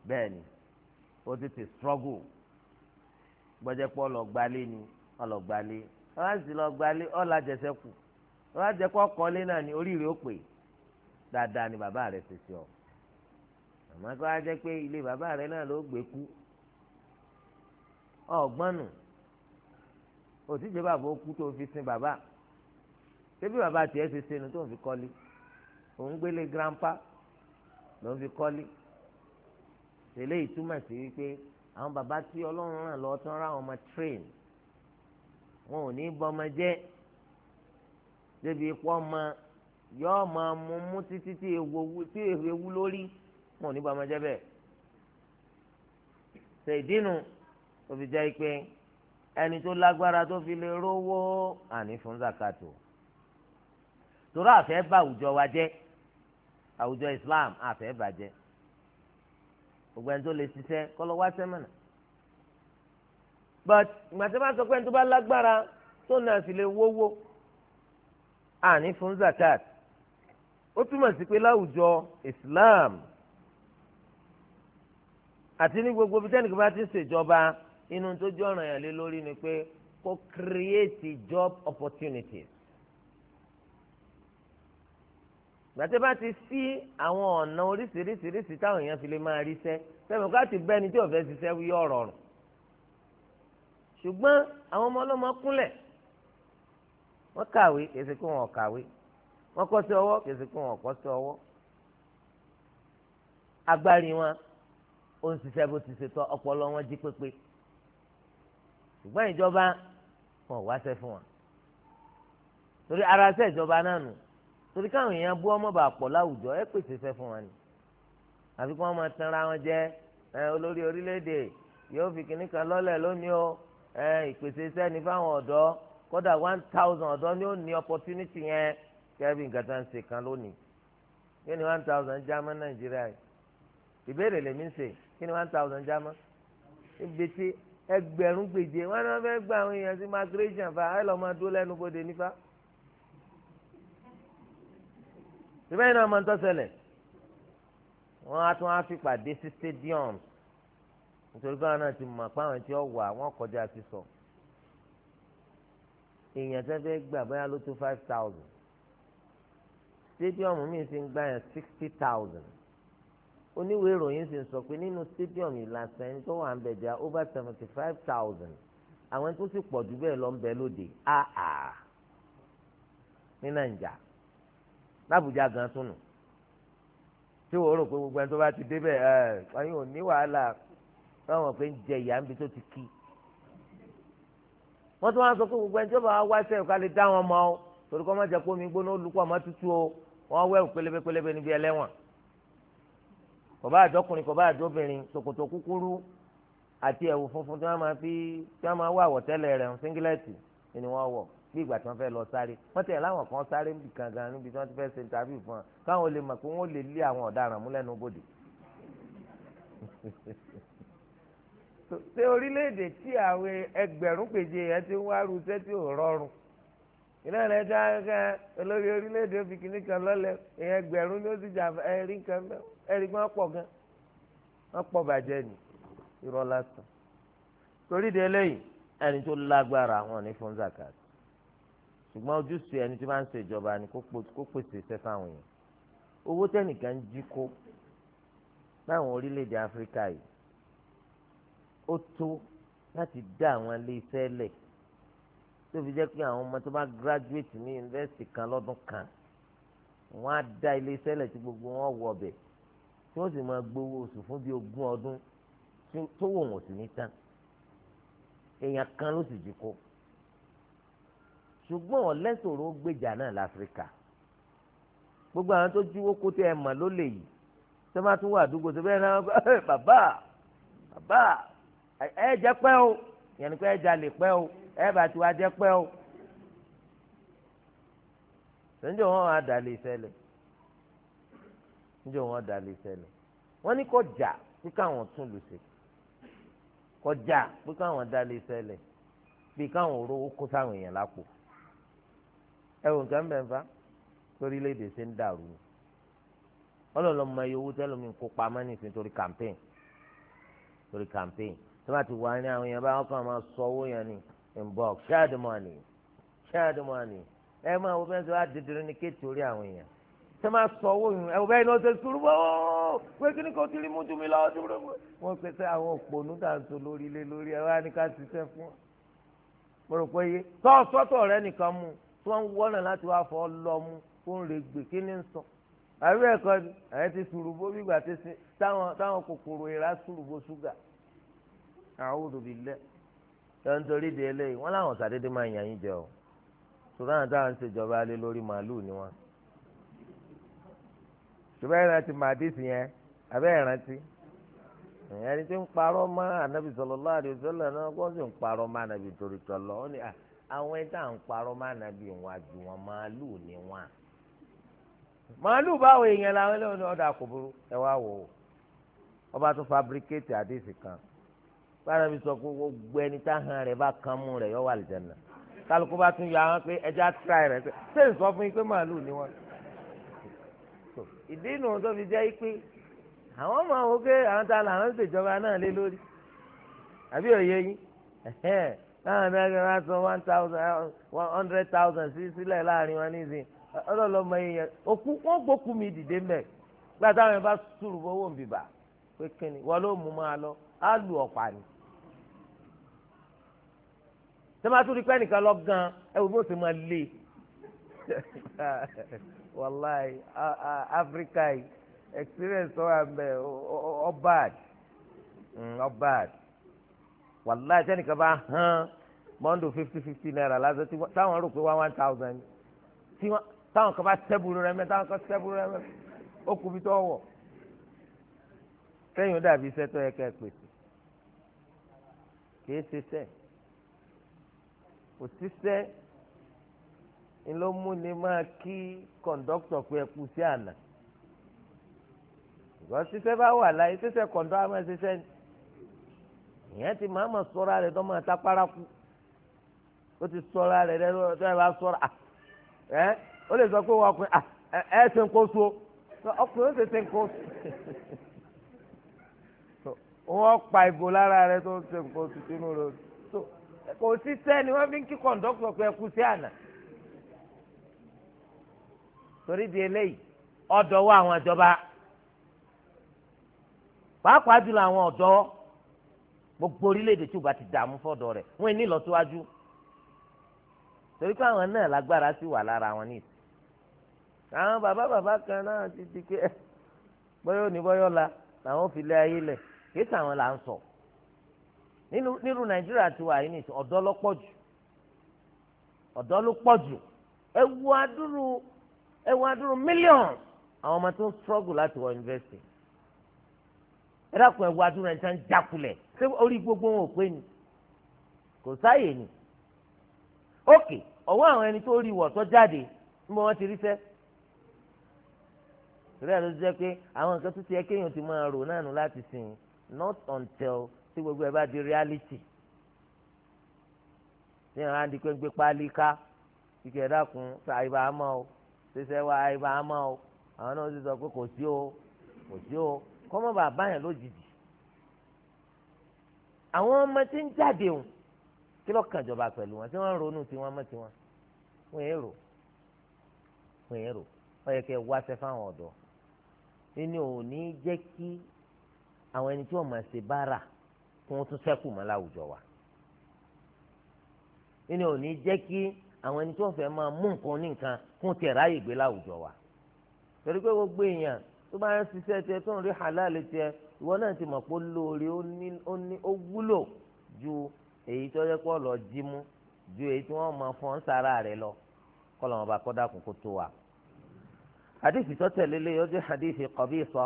bẹ́ẹ̀ ni ó ti ti struggle gbọ́dẹ́pọ̀ ọlọ́gbalé ni ọlọ́gbalé wọ́n á sì lọ́gbalé ọ̀là jẹsẹ̀ kù wọ́n á náà ni oríire ó pè dáadáa ni bàbá re ṣe ṣe ọ́ àmọ́ kí wọ́n á jẹ́ pé ilé bàbá náà ló òtíjẹ bàbá ó kú tó fi sin bàbá ṣébí bàbá tiẹ̀ ṣe sinu tó ń fi kọ́lé òun gbélé grandpa ló ń fi kọ́lé tẹ́lẹ̀ ìtumọ̀ sí wípé àwọn bàbá tí ọlọ́run ràn lọ tán ra àwọn ọmọ train wọn ò ní bọ́mọ jẹ́ débi ipò ọmọ yọọ máa mú mú títí tí ewu tí ewu lórí wọn ò ní bọ́mọ jẹ́ bẹ́ẹ̀ ṣèdínú òfìjà ìpín ẹni tó lágbára tó fi lè rówó àní fún zakato torí àfẹ́ bá àwùjọ wa jẹ́ àwùjọ Islam àfẹ́ bàjẹ́ gbogbo ẹni tó lè ṣiṣẹ́ kọ́ lọ wá sẹ́mọ̀nà but gbàtẹ́ bá sọ pé ẹni tó bá lágbára tó náà sì lè wówó àní fún zakat ó túmọ̀ sí pé láwùjọ Islam àti ní gbogbo bí tẹ́nìkan bá ti ń ṣèjọba inú tó jọ ọ̀ràn yàn lé lórí ni pé kó create job opportunities gbàtẹ́ bá ti sí àwọn ọ̀nà oríṣiríṣiríṣi táwọn èèyàn fi lè máa ríṣẹ́ sẹ́mi ká ti bẹ́ni tí òfẹ́ ṣiṣẹ́ wí ọ̀rọ̀ rùn ṣùgbọ́n àwọn ọmọ ọlọ́mọ kúnlẹ̀ wọ́n kàwé kèsì kí wọ́n kàwé wọ́n kọ́ sí ọwọ́ kèsì kí wọ́n kọ́ sí ọwọ́ agbárí wọn ó ń ṣiṣẹ́ bó ti ṣe tọ́ ọpọlọ wọn jí pépé ṣùgbọ́n ìjọba wọn ò wáṣẹ́ fún wọn torí ara ṣe ìjọba náà nù torí káwọn èèyàn bú ọmọ bá pọ̀ láwùjọ ẹ pèsè fẹ́ fún wọn ni àfi kí wọ́n máa tanra wọn jẹ olórí orílẹ̀-èdè yóò fi kínní kan lọ́lẹ̀ lónìí o ìpèsè iṣẹ́ ní fáwọn ọ̀dọ́ kódà one thousand ọ̀dọ́ ni ó ní opportunity yẹn kẹ́bí nǹkan ń ṣe kan lónìí kí ni one thousand jámọ́ nàìjíríà yìí ìbéèrè lèmi ń ṣe kí ni one thousand jámọ́ níbi tí ẹgbẹ̀rún gbèjè wọn ni wọn fẹẹ gba àwọn èèyàn sí migration fa ẹ lọọ máa dúró lẹ́nu bodè nífa. ìbẹ́yìn náà máa ń tọ́sẹ̀lẹ̀ wọ́n á tún á fi pàdé sí stadium nítorí báwọn náà ti mọ̀ pé àwọn tí ó wà wọ́n kọjá ti sọ. èèyàn tẹ́ fẹ́ gbà bóyá ló tó five thousand stadium mi ti ń gbà yẹn sixty thousand oníwèé ìròyìn sì ń sọ pé nínú stadium ìlàsẹ̀ ń tó wà ń bẹ̀jà over seventy five thousand àwọn tó sì pọ̀ jù bẹ́ẹ̀ lọ ń bẹ lóde áà ní nàìjà lábùjá gan tún nù tí wọ́n rò pé gbogbo ẹni tó bá ti débẹ̀ ẹ̀ ẹ̀yin ò ní wàhálà táwọn pé ń jẹ ìyá níbi tó ti kí wọ́n tún wá sọ pé gbogbo ẹni tó bá wá sẹ́yìn ká lè dá wọn mọ́ ọ torí kọ́ máa jẹ́ gbóná olùkọ́ ọmọ tútù o wọ́n wẹ̀ pélébépélébé níbi ẹlẹ́wọ̀n kò bá àjọkùnrin kò bá àjọbìnrin ṣòkòtò kúkúrú àti ẹ̀wù funfun tí wọ́n máa fi tí wọ́n máa wọ àwọ̀tẹ́lẹ̀ rẹ̀ ń síngílẹ̀tì ni wọ́n wọ̀ bí ìgbà tí wọ́n fẹ́ lọ sáré wọ́n tẹ̀ láwọn kan sáré níbi kan gan níbi tí wọ́n ti fẹ́ ṣe interview fún wọn káwọn lè mọ̀ pé wọ́n lè lé àwọn ọ̀daràn mú lẹ́nu bòde. ṣé orílẹ̀-èdè tí àwọn ẹgbẹ̀rún péje yẹn ti ń wá rúṣẹ́ tí ò rọrùn iná rẹ̀ ká ká olórí orílẹ̀-èdè fi kìíní kan lọ́lẹ̀ èèyàn ẹgbẹ̀rún ni ó sì jà ẹ̀rí kan ẹ̀rí kan pọ̀ gan wọ́n pọ̀ bàjẹ́ ni irọ́ lásán torí de eléyìí ẹni tó lágbára wọn ní fún zakat ṣùgbọ́n ojúṣe ẹni tí wọ́n ń ṣèjọba ni kó pèsè iṣẹ́ fáwọn èèyàn owó tẹ́nìkan ń jí kó láwọn orílẹ̀-èdè áfíríkà yìí ó tó láti dá àwọn ilé iṣẹ́ lẹ̀ tó fi jẹ́ pé àwọn ọmọ tó bá gíráduwétì ní yunifásitì kan lọ́dún kan wọ́n á dá ilé sẹ́lẹ̀ tí gbogbo wọn wọ ọbẹ̀ tí wọ́n sì máa gbowó oṣù fún bíi ogún ọdún tó wò wọ́n sì ní tán èèyàn kan ló sì jí kó ṣùgbọ́n ọ̀lẹ́sọ̀rọ̀ gbèjà náà láfíríkà gbogbo àwọn tó jíwó kó tẹ ẹ mọ̀ ló lè yìí tó bá tún wà àdúgbò tó bẹ́ẹ̀ náà bàbá bàbá ẹ jẹ́ pẹ́ o yẹn pé ẹ jalè pẹ́ o ẹ bá ti wá jẹ́ pẹ́ o sẹ́ńjọ́ wọn á dalẹ̀ sẹ́lẹ̀ sẹ́ńjọ́ wọn á dalẹ̀ sẹ́lẹ̀ wọ́n ní kọjá pé káwọn tún lù sí kọjá pé káwọn dalẹ̀ sẹ́lẹ̀ pé káwọn oró kó sáwọn èèyàn lápò ẹ wò nǹkan bẹ́ẹ̀ fa lórílẹ̀‐èdè ṣe ń dàrú ni ọlọ́lọ́ mọ iye owó tẹ́lómi kó pamọ́ nísìnyí torí campaign torí campaign tó bá ti wà ní àwọn èèyàn báwọn kan máa sọ owó yẹn ni inbox shared money shared money ẹ máa wo bẹ́ẹ̀ sọ àdìdìrín ní kéètì orí àwọn èèyàn tẹ máa sọ owó yìí ẹ wò bẹ́ẹ̀ ni ó ṣe sùúrù wọ́ọ́ pé kí ni kò tí ì mú ju mi lọ ọdún rẹ wọ́n pè sẹ́ àwọn òpònú tà ń so lórí ilé lórí ẹ wá ní ká ṣiṣẹ́ fún mo rò pé yé tọ́ sọ́tọ̀ rẹ nìkan mú tí wọ́n ń wọ́nà láti wá fọ́ lọ mú kó ń lè gbè kí ni ń sọ àríwá ẹ̀kọ́ ni ẹ̀ ti sùúrù bó bí ìgbà táwọn kòkòrò ìrà sùúrù bó ṣúgà a'udhu billah yọ nítorí di eléyìí wọn làwọn sàdédé máa yàn yín jẹ o ṣùgbọ́n àwọn táwọn ń ṣèjọba lé lórí màálù ni wọn. ṣùgbọ́n yẹn abẹ́ ìrántí ẹni tí ń parọ́ mọ́ ànábì sallallahu alaihi wasallam náà wọ́n sì ń parọ́ mọ́ ànábì torí tọ́lọ́ ó àwọn ẹ̀dá ń parọ́ mọ́ wọn wọn ni wọn. màálù báwo èèyàn làwọn bára mi sọ o gbogbo ẹni táhàn rẹ̀ bá kan mú rẹ̀ yọ wà lìjànà kálukú bá tún yọ àwọn pé ẹja tíra rẹ̀ ṣé n sọ fún yín pé màálù ni wọn. ìdí inú tó fi jẹ́ pé àwọn ọmọ àwọn oké àwọn tá a làwọn ń ṣèjọba náà lé lórí àbí òye yín náà ní ẹgbẹ́ wọn sọ one thousand one hundred thousand sí sílẹ̀ láàrin wọn nísìn ọlọ́lọ́mọ yẹn yẹn òkú wọn gbókù mi dìde mẹ́ gbàtà wọn bá sùrù owó ń bìbà pé kíni wọn ló mú máa lọ á lu ọ̀pá ni tẹ́lẹ̀ tó rí pé ẹnìkan lọ gan ẹ wò bó ṣe máa lé wàláì áfíríkà yìí experience ọ̀rọ̀ àbẹ̀ ọ̀bàd ọ̀bàd mm, wàláì tẹ́nìkan bá hàn mọ́ndò fifty fifty naira lásán táwọn rò pé one one thousand táwọn kan bá sẹ́bùrú rẹ mẹ́ táwọn kan sẹ́bùrú rẹ mẹ́ ó kú bí tó wọ̀ kẹ́yìn ó dàbí iṣẹ́ tó yẹ kẹ́ pèsè kì í ṣe sẹ́ẹ̀ kò síṣẹ́ ńlọ mú ni máa kí kọ̀ǹdọ́tọ̀ pé ẹkú sí àná ìgbà síṣẹ́ bá wà láyé síṣẹ́ kọ̀ǹdọ́ àmọ́ síṣẹ́ ni ìyẹn ti máa ma sọ́ra rẹ̀ tó máa ta paraku ó ti sọ́ra rẹ̀ rẹ̀ tó yẹ bá sọ́ra ah, ẹ ó lè sọ pé wọ́n ọkùnrin ẹ ah, ẹ ṣe ń kó so ọkùnrin ó sì ṣe ń kó so wọ́n pa ìbò lára rẹ̀ tó ṣe ń kó so sínú rẹ̀ kò síṣẹ́ ni wọ́n fi ń kí kọ̀ǹdọ́tọ̀ pé ẹkú sí àná torí di eléyìí ọ̀dọ̀ wọ àwọn ìjọba pàápàá jùlọ àwọn ọ̀dọ́ gbogbo orílẹ̀-èdè tí o bá ti dààmú fọ́dọ̀ rẹ̀ wọ́n ní ìlọsíwájú torí pé àwọn náà lágbára sí wà lára wọn ní ìsìn àwọn bàbá bàbá kan náà ti di pé eh, bọ́yọ̀ ní bọ́yọ̀ la làwọn fi lé ayé lẹ̀ kí sàwọn là ń sọ nírú nàìjíríà ti wà yìí ní ọ̀dọ́ ló pọ̀ jù ọ̀dọ́ ló pọ̀ jù ẹ wo adúrú ẹ wo adúrú mílíọ̀nù àwọn ọmọ tó ń struggle láti wọ yunifásitì ẹ dákun ẹ wo adúrú ẹni tí wọ́n ń jákulẹ̀ ṣé orí gbogbo wọn ò pé ni kò sáàyè ni ókè ọwọ́ àwọn ẹni tó rí wọ̀ tó jáde níbo wọ́n ti rí sẹ́ rẹ́ẹ̀ ló jẹ́ pé àwọn nǹkan tó ti yẹ kéèyàn ti máa rò náà láti sìn not until tí gbogbo ẹ bá di reality ní àwọn àdìpé ń gbé páálí ká ike ẹ̀dá kun àyíbá àmọ́ o ṣẹṣẹ wa àyíbá àmọ́ o àwọn náà ti sọ pé kò sí o kò sí o kọ́mọ́ bàbá yẹn lójijì àwọn ọmọ tí ń jáde o kí ló kàn jọba pẹ̀lú wọn tí wọ́n ń ronú tiwọn mọ́ tiwọn wọ́n yẹn rò wọ́n yẹn rò ó yẹ kẹ́ ẹ wáṣẹ́ fáwọn ọ̀dọ́ nínú òní jẹ́ kí àwọn ẹni tí wọ́n máa ṣe bára kí wọ́n tún sẹ́kù mọ́ láwùjọ wa nínú ò ní jẹ́ kí àwọn ẹni tí wọ́n fẹ́ máa mú nǹkan ní nǹkan kún tiẹ̀ ráàyè gbé láwùjọ wa torí pé gbogbo èèyàn tó bá ń ṣiṣẹ́ tiẹ̀ tó ń rí halal tiẹ̀ ìwọ náà ti mọ̀ pé lóore ó wúlò ju èyí tó yẹ kó lọ jí mú ju èyí tí wọ́n máa fọ́n sára rẹ̀ lọ kọ́ lọ́mọba kọ́ dákun kó tó wa. hadith tó tẹ̀lé lé yọjú hadith Qabisa.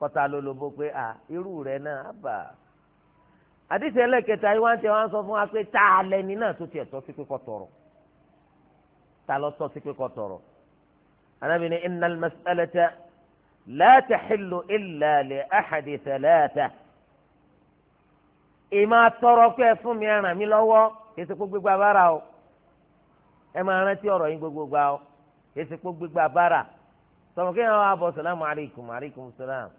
kọ́ta ló lóbó pé à irú rẹ̀ náà á bà á. àdìsí ẹlẹ́kẹta yìí wá ń tẹ wá ń sọ fún wa pé tá a lẹni náà tó tiẹ̀ tọ́ sí pé kọ́ tọrọ tá a lọ tọ́ sí pé kọ́ tọrọ. anábì ni innal mas'alata la tahillu illa li ahadi thalatha. ìmọ̀ tọrọ pé ẹ fún mi ràn mí lọ́wọ́ kì kó gbégbá bára o ẹ máa rántí ọ̀rọ̀ yín gbogbo gbà o kì kó gbégbá bára sọ̀rọ̀ kí ẹ bọ̀ sàlámù alaykum alaykum sàlámù.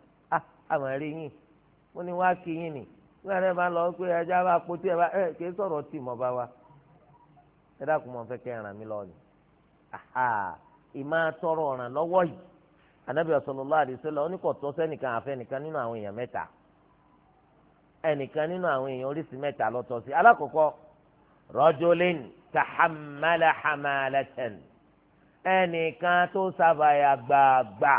àmọ́ rí yín mo ní wá kí yín ni wíwá náà bá lọ pé ẹja bá potí ẹ bá ẹ kì í wa ẹ dákun mọ́ fẹ́ kẹ́ ẹ ràn mí ìmọ̀ tọrọ ọ̀ràn lọ́wọ́ yìí anabi sallallahu alaihi wasallam nínú àwọn ẹnìkan nínú àwọn èèyàn oríṣi mẹta ló tọ́ sí alákọ̀ọ́kọ́ rajulin tahammala hamalatan ẹnìkan tó sábàyà gbàgbà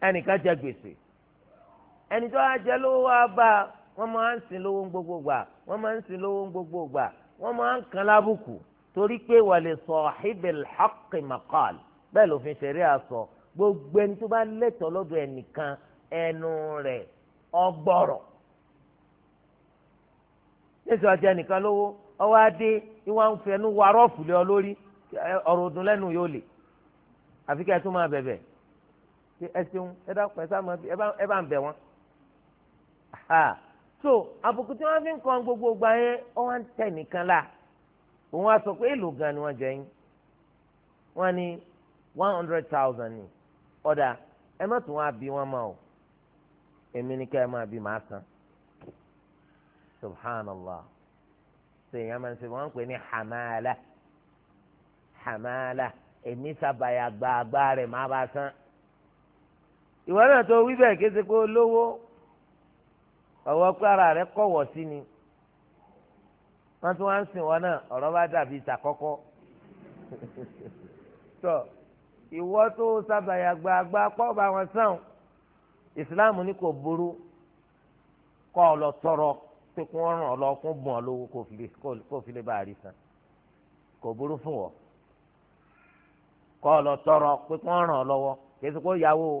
ẹnìkan jẹ gbèsè ẹni tó wá jẹ lówó wá bá wọn máa ń sin lówó gbogbo gbà wọn máa ń sin lówó gbogbo gbà wọn máa ń kan lábùkù torí pé wàlẹ̀ sahibil haqqi maqal bẹ́ẹ̀ lófin ṣẹ̀rí àsọ gbogbo ẹni tó bá lẹ́tọ̀ọ́ lọ́dọ̀ ẹnìkan ẹnu rẹ̀ ọgbọ́rọ̀ níṣẹ́ ọjà nìkan lówó ọwọ́ adé ìwà ń fẹnu wà rọ́ọ̀fù lé ọ lórí ọ̀rọ̀ ọdún lẹ́nu yóò lè àfi kí máa bẹ̀bẹ̀ pé ẹ ṣeun ẹ dákun ẹ sáàmù ẹ bá ń bẹ̀ wọ́n. so àbùkù tí wọ́n fi ń kan gbogbo gba yẹn ó wá ń tẹ̀ nìkan la òun á sọ pé èlò gan ni wọ́n jẹ yín wọ́n ní one hundred thousand ni ọ̀dà ẹ má tún wá bí wọ́n mọ́ o èmi ní ká ẹ máa bí màá san subhanallah sèyàn máa ń sè wọ́n ń pè ní hamala hamala èmi sábàyà gbàgbà rẹ̀ má bá san ìwọ náà tó wí bẹ́ẹ̀ kése pé olówó ọ̀wọ́ pé ara rẹ kọ̀wọ̀ sí ni wọ́n tún wá ń sìn wọn náà ọ̀rọ̀ bá dàbí ìtàkọ́kọ́ tọ́ ìwọ tó sábàyà gbàgbà pọ̀ bá wọn sàn ìsìláàmù ni kò burú kọ́ ọ lọ tọrọ pé kí wọ́n ràn ọ lọ kún bùn ọ lówó kó fi lè bá a rí san kò burú fún wọ kọ́ ọ lọ tọrọ pé kí wọ́n ràn ọ lọ́wọ́ kí esi kó yàwó o.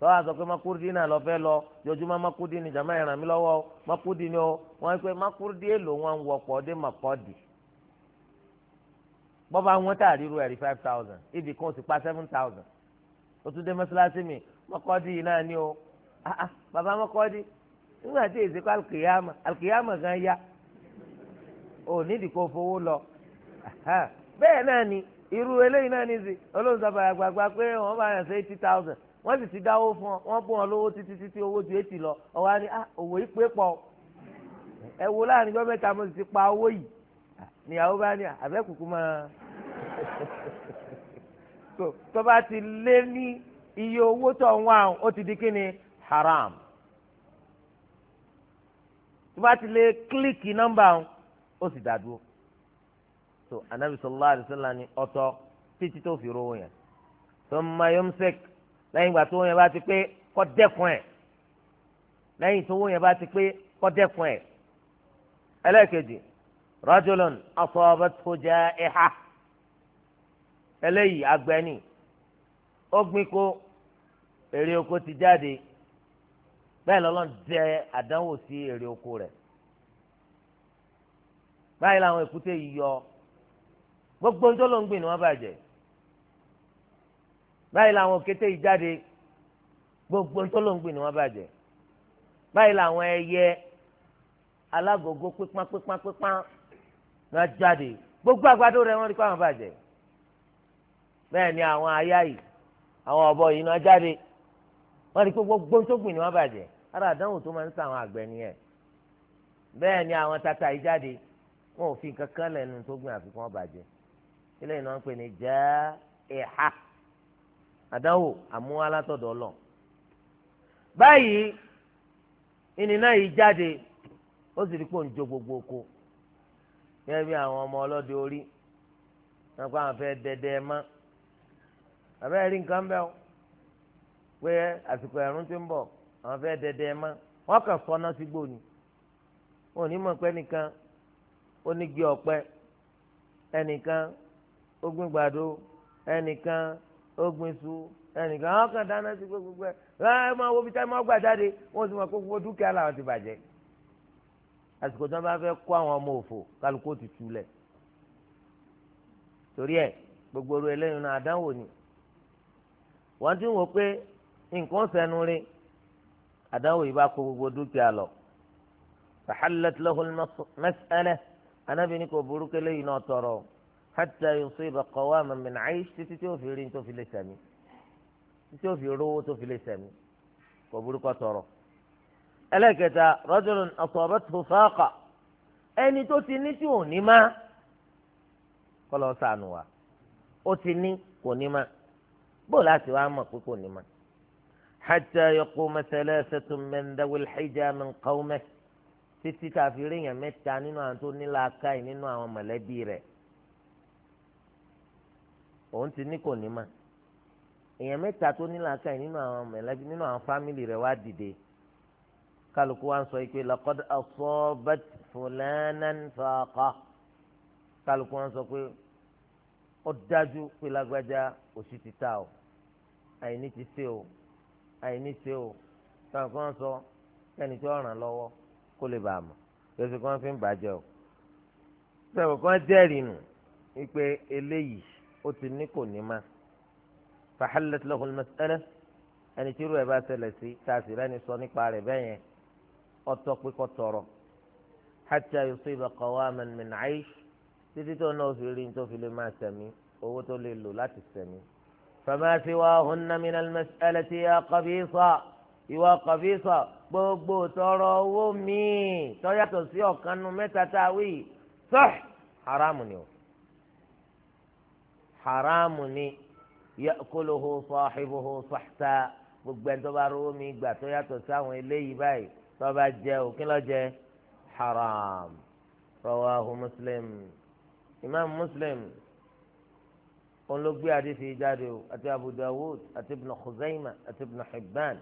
tọ́wọ́ àzọ pé makurudi náà lọ́fẹ́ lọ jọjúmọ́ makurudi ni jama ẹ̀ràn mi lọ́wọ́ makurudi ni o wọ́n makurudi wọn wọ pọ̀ọ́dé makọ́ọ̀dì bọ́ba wọn tà ríru ẹ̀rí five thousand ibì kan sì pa seven thousand ó tún dé mọ́ṣáláṣí mi makọ́ọ̀dì yìí náà ni ah, ah, bàbá makọ́ọ̀dì nígbà tí èsì kọ́ gan ya lọ bẹ́ẹ̀ náà ni irú eléyìí náà sí wọ́n sì ti dáwó fún ọ wọ́n bọ́ wọn lówó títí títí owó ju etí lọ ọwọ́ á ní ah, òwò ìpè pọ̀ ẹ wo láàrin gbọ́ mẹ́ta mo sì ti pa owó yìí níyàwó bá ní àbẹ́kùkù máa tó bá ti lé ní iye owó tó ń wá ó ti di kí ni haram tó bá ti lé kílíkì nọ́mbà ó sì dàdúró so anabi sallallahu alaihi wasallam ni ọtọ títí tó fi rówó yẹn thumma yumsik lẹ́yìn ìgbà tówó yẹn bá ti pé kọ́ dẹ́kun ẹ̀ lẹ́yìn tówó yẹn bá ti pé kọ́ dẹ́kun ẹ̀ ẹlẹ́ẹ̀kejì rajulun asabathu ja'iha eléyìí agbẹ́ni ó gbìn kó èrè oko ti jáde bẹ́ẹ̀ lọ́lọ́n jẹ àdánwò sí èrè oko rẹ̀ báyìí làwọn èkúté yìí yọ gbogbo ń tó ló ń gbìn ni wọ́n bàjẹ́ báyìí làwọn kété yìí jáde gbogbo ntọ́lọ́ngbìn ni wọ́n bàjẹ́ báyìí làwọn ẹyẹ alágòógó pípán pípán pípán náà jáde gbogbo àgbàdo rẹ̀ wọ́n rí káwọn bàjẹ́ bẹ́ẹ̀ ni àwọn aya yìí àwọn ọ̀bọ yìí náà jáde wọ́n rí gbogbo ntọ́gbìn ni wọ́n bàjẹ́ ara àdánwò tó máa ń sàwọn àgbẹ̀ nìyẹn bẹ́ẹ̀ ni àwọn tata yìí jáde wọn ò fi nǹkan lẹ́nu tó gbìn àfikún ọ̀bàjẹ́ ilé ìnáwó pè ní jẹ́ ìhà. E àdánwò àmúwá látọ̀dọ̀ ọlọ́run báyìí ìnìná yìí jáde ó sì rí pò ń jó gbogbo oko gẹ́gẹ́ bí àwọn ọmọ ọlọ́dẹ orí wọn kó àwọn fẹ́ dẹdẹ ẹ mọ́ àbẹ́ rí nǹkan bẹ́ẹ̀ o pé àsìkò ẹ̀rùn ti ń bọ̀ àwọn fẹ́ dẹdẹ ẹ mọ́ wọn kàn fọná sí gbòòní wọn ò ní mọ̀ pé nìkan ó ní gbé ọ̀pẹ ẹnìkan ó gbìn ẹnìkan ogun iṣu ẹnìkan àwọn kan dáná sí gbogbo ẹ ẹ máa wo bí táyì máa gbà jáde wọn sì máa kó gbogbo dúkìá làwọn ti bàjẹ́ àsìkò tí wọn bá fẹ́ kó àwọn ọmọ òfò kálukó ti túlẹ̀ torí ẹ gbogbo oru ẹlẹ́yìn náà àdánwò ni wọ́n ti ń wò pé nǹkan sẹ́nu rí àdánwò yìí bá kó gbogbo dúkìá lọ fahallat lahu al-mas'ala anábìíní kò burúkú eléyìí náà tọrọ o hatta yusiba qawaman min aish títí tí ó fi rí tó fi lè sẹ̀mí títí ó fi rówó tó fi lè sẹ̀mí kò burúkọ tọrọ. ẹlẹ́kẹta rajulun asabathu faqa ẹni tó ti ní tí ò ní má kọ́lọ́ sànù wa ó ti ní kò ní má bó láti wá mọ̀ pé kò ní má. hatta yaquma thalathatun min dhawil hijja min qawmihi títí tá a fi rí yàn mẹ́ta nínú àwọn tó ní làákàyè nínú àwọn mọ̀lẹ́bí rẹ̀ òun ti ní kò ní mà èèyàn mẹ́ta tó ní làákàyè nínú àwọn mẹ̀lẹ́bí nínú àwọn fámìlì rẹ̀ wá dìde kálukú wa ń sọ pé laqad asabat fulanan faqa kálukú wa ń sọ pé ó dájú pé lágbájá òṣì ti ta o àìní ti ṣe o àìní ṣe o kálukú wa ń sọ kẹ́ni tí ó ràn lọ́wọ́ kó lè bàa mọ̀ lọ́sọ̀kọ́ fi ń bàjẹ́ o sọ̀rọ̀ kan jẹ́rìí nù wípé eléyìí ó ti ní kò ní ma fahalat lahul mas'ala ẹni tí irú ẹ̀ bá ṣẹlẹ̀ sí tá a sì rẹ́ni sọ nípa rẹ̀ bẹ́ẹ̀ yẹn ọtọ́ pé kọ́ tọrọ hatta yusiba qawaman min aish títí tó náà fi rí tó fi lè máa sẹ̀mí owó tó lè lò láti sẹ̀mí. fama siwahunna minal mas'alati ya qabisa ìwà qabisa gbogbo tọrọ owó míì tó sí ọ̀kanu mẹ́ta tá a wí sọ́ọ̀ haramu ni o haramu ni yakuluhu sahibuhu sahta gbogbo ẹni tó bá rówó mi gbà tó yàtọ̀ sí àwọn eléyìí báyìí tó bá jẹ òkín lọ́jẹ haram rawahu muslim imam muslim olóògbé àdìsí jáde o àti abu dawud àti ibn khuzaima àti ibn hibban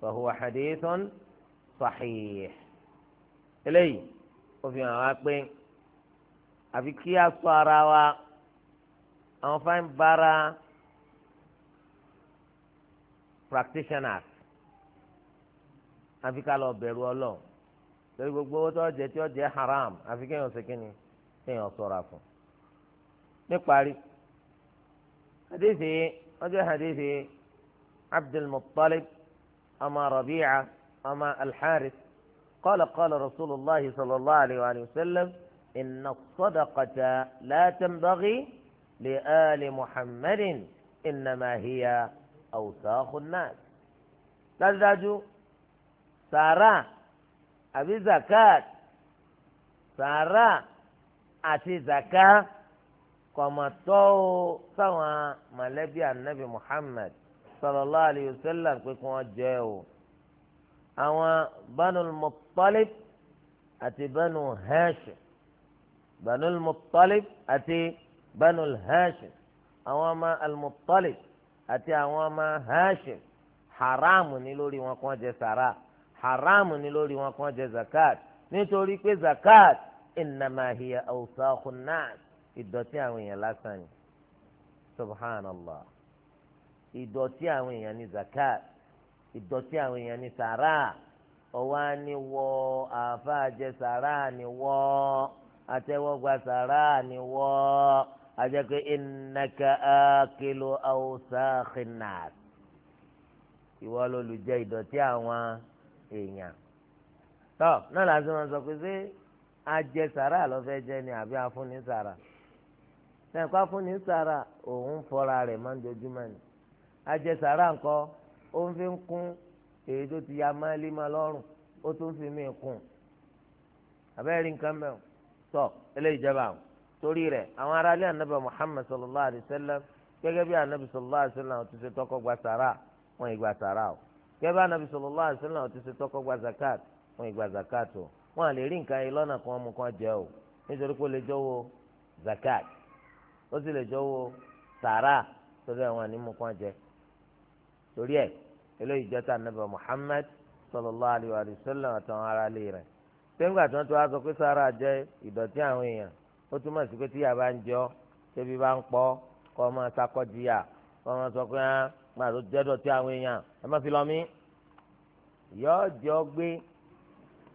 fahuwa hadithun sahih eléyìí ó fi hàn wá pé àfi kí a sọ ara wa àwọn fine bara practitioners àfi ká lọ bẹ̀rù ọlọ́run lórí gbogbo owó tó jẹ tí ó jẹ haram àfi kéèyàn ṣe kíni kéèyàn ṣọ́ra fún níparí hadithi wọ́n jẹ́ hadithi Abdul Muttalib ama Rabi'a ama Al-Harith qala qala sallallahu alayhi wa sallam inna as-sadaqata la tanbaghi. لآل محمد إنما هي أوساخ الناس dájúdájú sàárà àbí zakat sàárà àti zaka kọ̀mọ̀tọ́ o sáwọn mọ̀lẹ́bí anabi muhammad sallallahu alayhi wa sallam pé kí wọ́n jẹ́ o àwọn banul muttalib àti banu hashim banul muttalib àti banul hashim àwọn ọmọ almuttalib àti àwọn ọmọ hashim haramu ni lórí wọn kàn jẹ sàrà haramu ni lórí wọn kàn jẹ zakat nítorí pé zakat innama hiya awsakhun nas ìdọ̀tí àwọn èèyàn lásán ni subhanallah ìdọ̀tí àwọn èèyàn ní zakat ìdọ̀tí àwọn èèyàn ní sàrà ọwọ́ ni wọ́ àáfàá jẹ sàrà ni wọ́ àtẹwọ́ gba sàrà ni wọ́ ajẹ́kẹ́ innaka akilu awsakhin nas ìwọ lolùjẹ ìdọ̀tí àwọn èèyàn tọ́ náà láti máa sọ pé ṣé ajẹ sàrà lọ́fẹ́ jẹ ni àbí afúnni sàrà sẹ́ńkọ́ afúnni sàrà òun fọ́ra rẹ̀ máa ń dojúmọ́ ni ajẹ sàrà ńkọ́ ó ń fi ń kún èyí tó ti ya máìlímọ́ lọ́rùn ó tún fi mí kún abẹ́rẹ́ nǹkan mẹ́wọ̀n tọ́ eléyìí jẹba àwọn. torí rẹ àwọn aráalé anabi muhammed sallallahu alayhi wa sallam gẹ́gẹ́ bí anabi sallallahu alayhi wa sallam ti ṣe tọkọ gba sàrà wọn ìgbà o gẹ́gẹ́ bí anabi sallallahu alayhi wa sallam ti ṣe tọkọ gba zakat wọn ìgbà zakat o wọn à lè rí nǹkan yìí lọ́nà kan mú jẹ o nítorí pé ó lè jọwọ́ zakat ó sì lè torí àwọn jẹ torí ẹ eléyìí sallallahu alayhi wa sallam àtàwọn ó túmọ̀ sí pé tí yàrá ń jọ ṣébi bá ń pọ̀ kọ́ ọmọ sakọ́jìyà kọ́ ọmọ sọ pé hàn gbàdó jẹ́dọ̀ tí àwọn èèyàn ẹ má fi lọ mí. yọ́ọ́ jọ gbé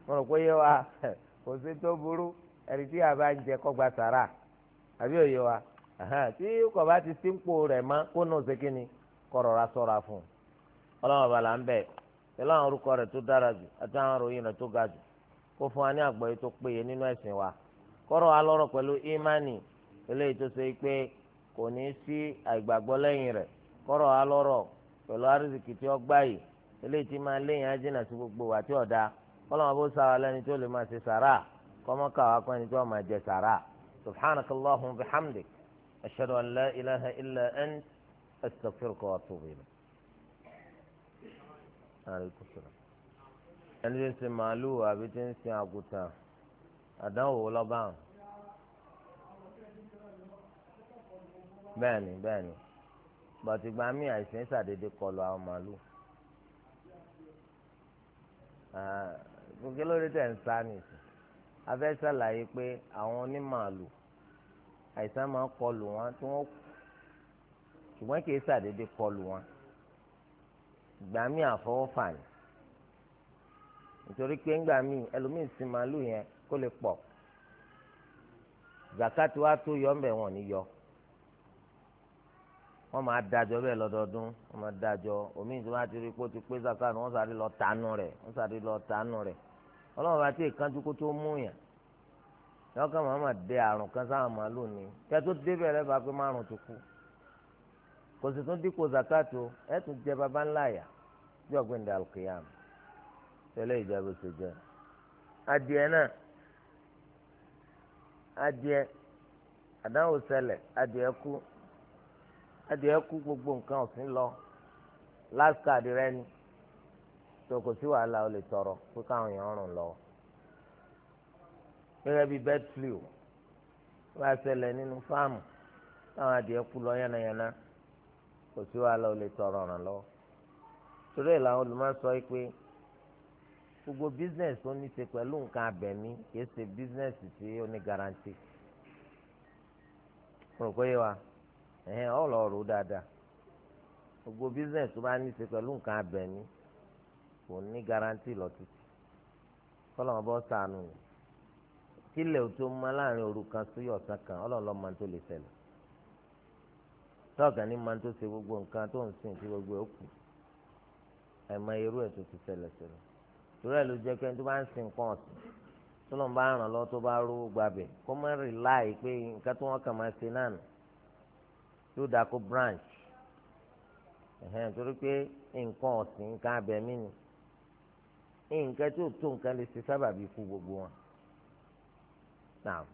mo rò pé yé wa kò sí tó burú ẹni ń jẹ kọ́ gba sàrà àbí òye wa tí kò bá ti sípò rẹ̀ mọ́ kó nù sí kọ́ rọra fún un ń bẹ̀ àwọn orúkọ kọ́rọ̀ wa lọ́rọ̀ pẹ̀lú ìmánì eléyìí tó ṣe pé kò ní sí àìgbàgbọ́ lẹ́yìn rẹ̀ kọ́rọ̀ wa lọ́rọ̀ pẹ̀lú arísìkì tí ó gbà yìí eléyìí tí máa léyìn ajínà sí gbogbo wa tí ọ̀dà kọ́lọ́mọ bó sá wa lẹ́ni tó lè máa ṣe sàrà kọ́mọ ká wa pẹ́ni tó máa jẹ sàrà subhanaka allahumma wa bihamdik ashhadu an la ilaha illa ant astaghfiruka wa atubu ilayk. ẹni tí ń sin màálù àbí tí ń sin àgùntàn àdánwò wò lọ́ba hàn bẹ́ẹ̀ni bẹ́ẹ̀ni bàtìgbà mí àìsàn ṣàdédé kọlu àwọn màálù gbogbo lórí tẹ̀ ń sá nìsín afẹ́ ṣàlàyé pé àwọn onímàálù àìsàn máa ń kọlù wọn tí wọ́n ṣùgbọ́n kì í ṣàdédé kọlù wọn ìgbà mí àfọwọ́fà ni nítorí pé ńgbà mí ẹlòmíì sin màálù yẹn kó lè pọ̀ zakati wa tó yọ mbẹ wọn ni yọ wọn máa dájọ́ bẹ́ẹ̀ lọ́dọọdún wọn máa dájọ́ omi tí wọn á ti rí kó ti pé zakati wọn sáré lọ tànú rẹ̀ wọn sáré lọ tànú rẹ̀ ọlọ́run bá ti kánjú kó tó mú yàn yọ ká màmá dé àrùn kan sáà máa lò ní kẹ tó débẹ̀ rẹ bá pé márùn ti kú kò sì tún dípò zakati o ẹ tún jẹ baba ńlá yà bí ọgbìn dàlùkìyàm tẹ́lẹ̀ ìjọba ṣe jẹ adìẹ náà. adìẹ àdáwò ṣẹlẹ̀ adìẹ kú adìẹ kú gbogbo nǹkan ọ̀sìn lọ last card rẹ ni tó kò sí wàhálà o lè tọrọ pé káwọn èèyàn rùn lọ bíi bird flu wá ṣẹlẹ̀ nínú fáàmù táwọn adìẹ kú lọ yánnayànna kò sí wàhálà o lè tọrọ ràn lọ torí olùmọ̀ sọ pé. gbogbo business tó ní ṣe pẹ̀lú nǹkan abẹ̀mí kì í ṣe business tí ó ní garanti wa ẹ̀hẹ́n lọ dáadáa gbogbo business tó bá ní ṣe pẹ̀lú nǹkan abẹ̀mí kò ní garanti bọ́ sànù kílẹ̀ ò tó mọ láàrin òru kan sí ọ̀sán kan ọlọ́ọ̀lọ́ máa tó lè máa gbogbo nǹkan tó ń sìn sí gbogbo ẹ̀ torí ẹ̀ ló jẹ́ pé tó bá ń sin nǹkan ọ̀sìn tó lọ́n bá ràn lọ́wọ́ tó bá rú gbàbẹ̀ kó má rí láì pé nǹkan tó wọ́n kàn máa ṣe náà nù yóò dáa kó branch ẹ̀hẹ́n torí pé nǹkan ọ̀sìn nǹkan abẹ̀mí ni nǹkan tí ò tó nǹkan lè ṣe sábàbí ikú gbogbo wọn. Naam.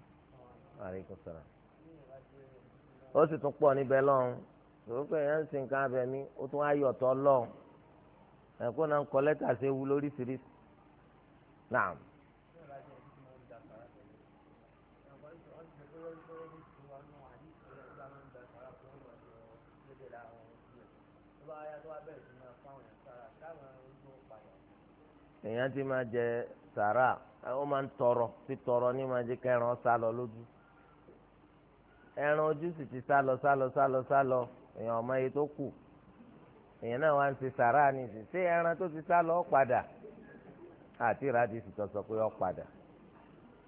Aleykum salaam. Ó sì tún pọ̀ níbẹ̀ lọ́hùn. Sọ̀rọ̀ pé ẹ̀yán ń sin nǹkan abẹ̀mí, ó tún ayọ̀ tọ́ lọ́hùn. Ẹ̀kọ́ náà ń kọ lẹ́tà sí ewu lóríṣiríṣi naam. èèyàn ti máa jẹ sàrà ó máa ń tọrọ sí tọrọ ní máa jẹ kẹran sá lọ lójú ẹran ojú sì ti sá lọ sá lọ sá lọ sá lọ èèyàn ọmọ iye tó kù èèyàn náà wá ń ṣe sàrà ní ṣé ẹran tó ti sá lọ padà àti ìrádìí sì tọ́sọ pé ó padà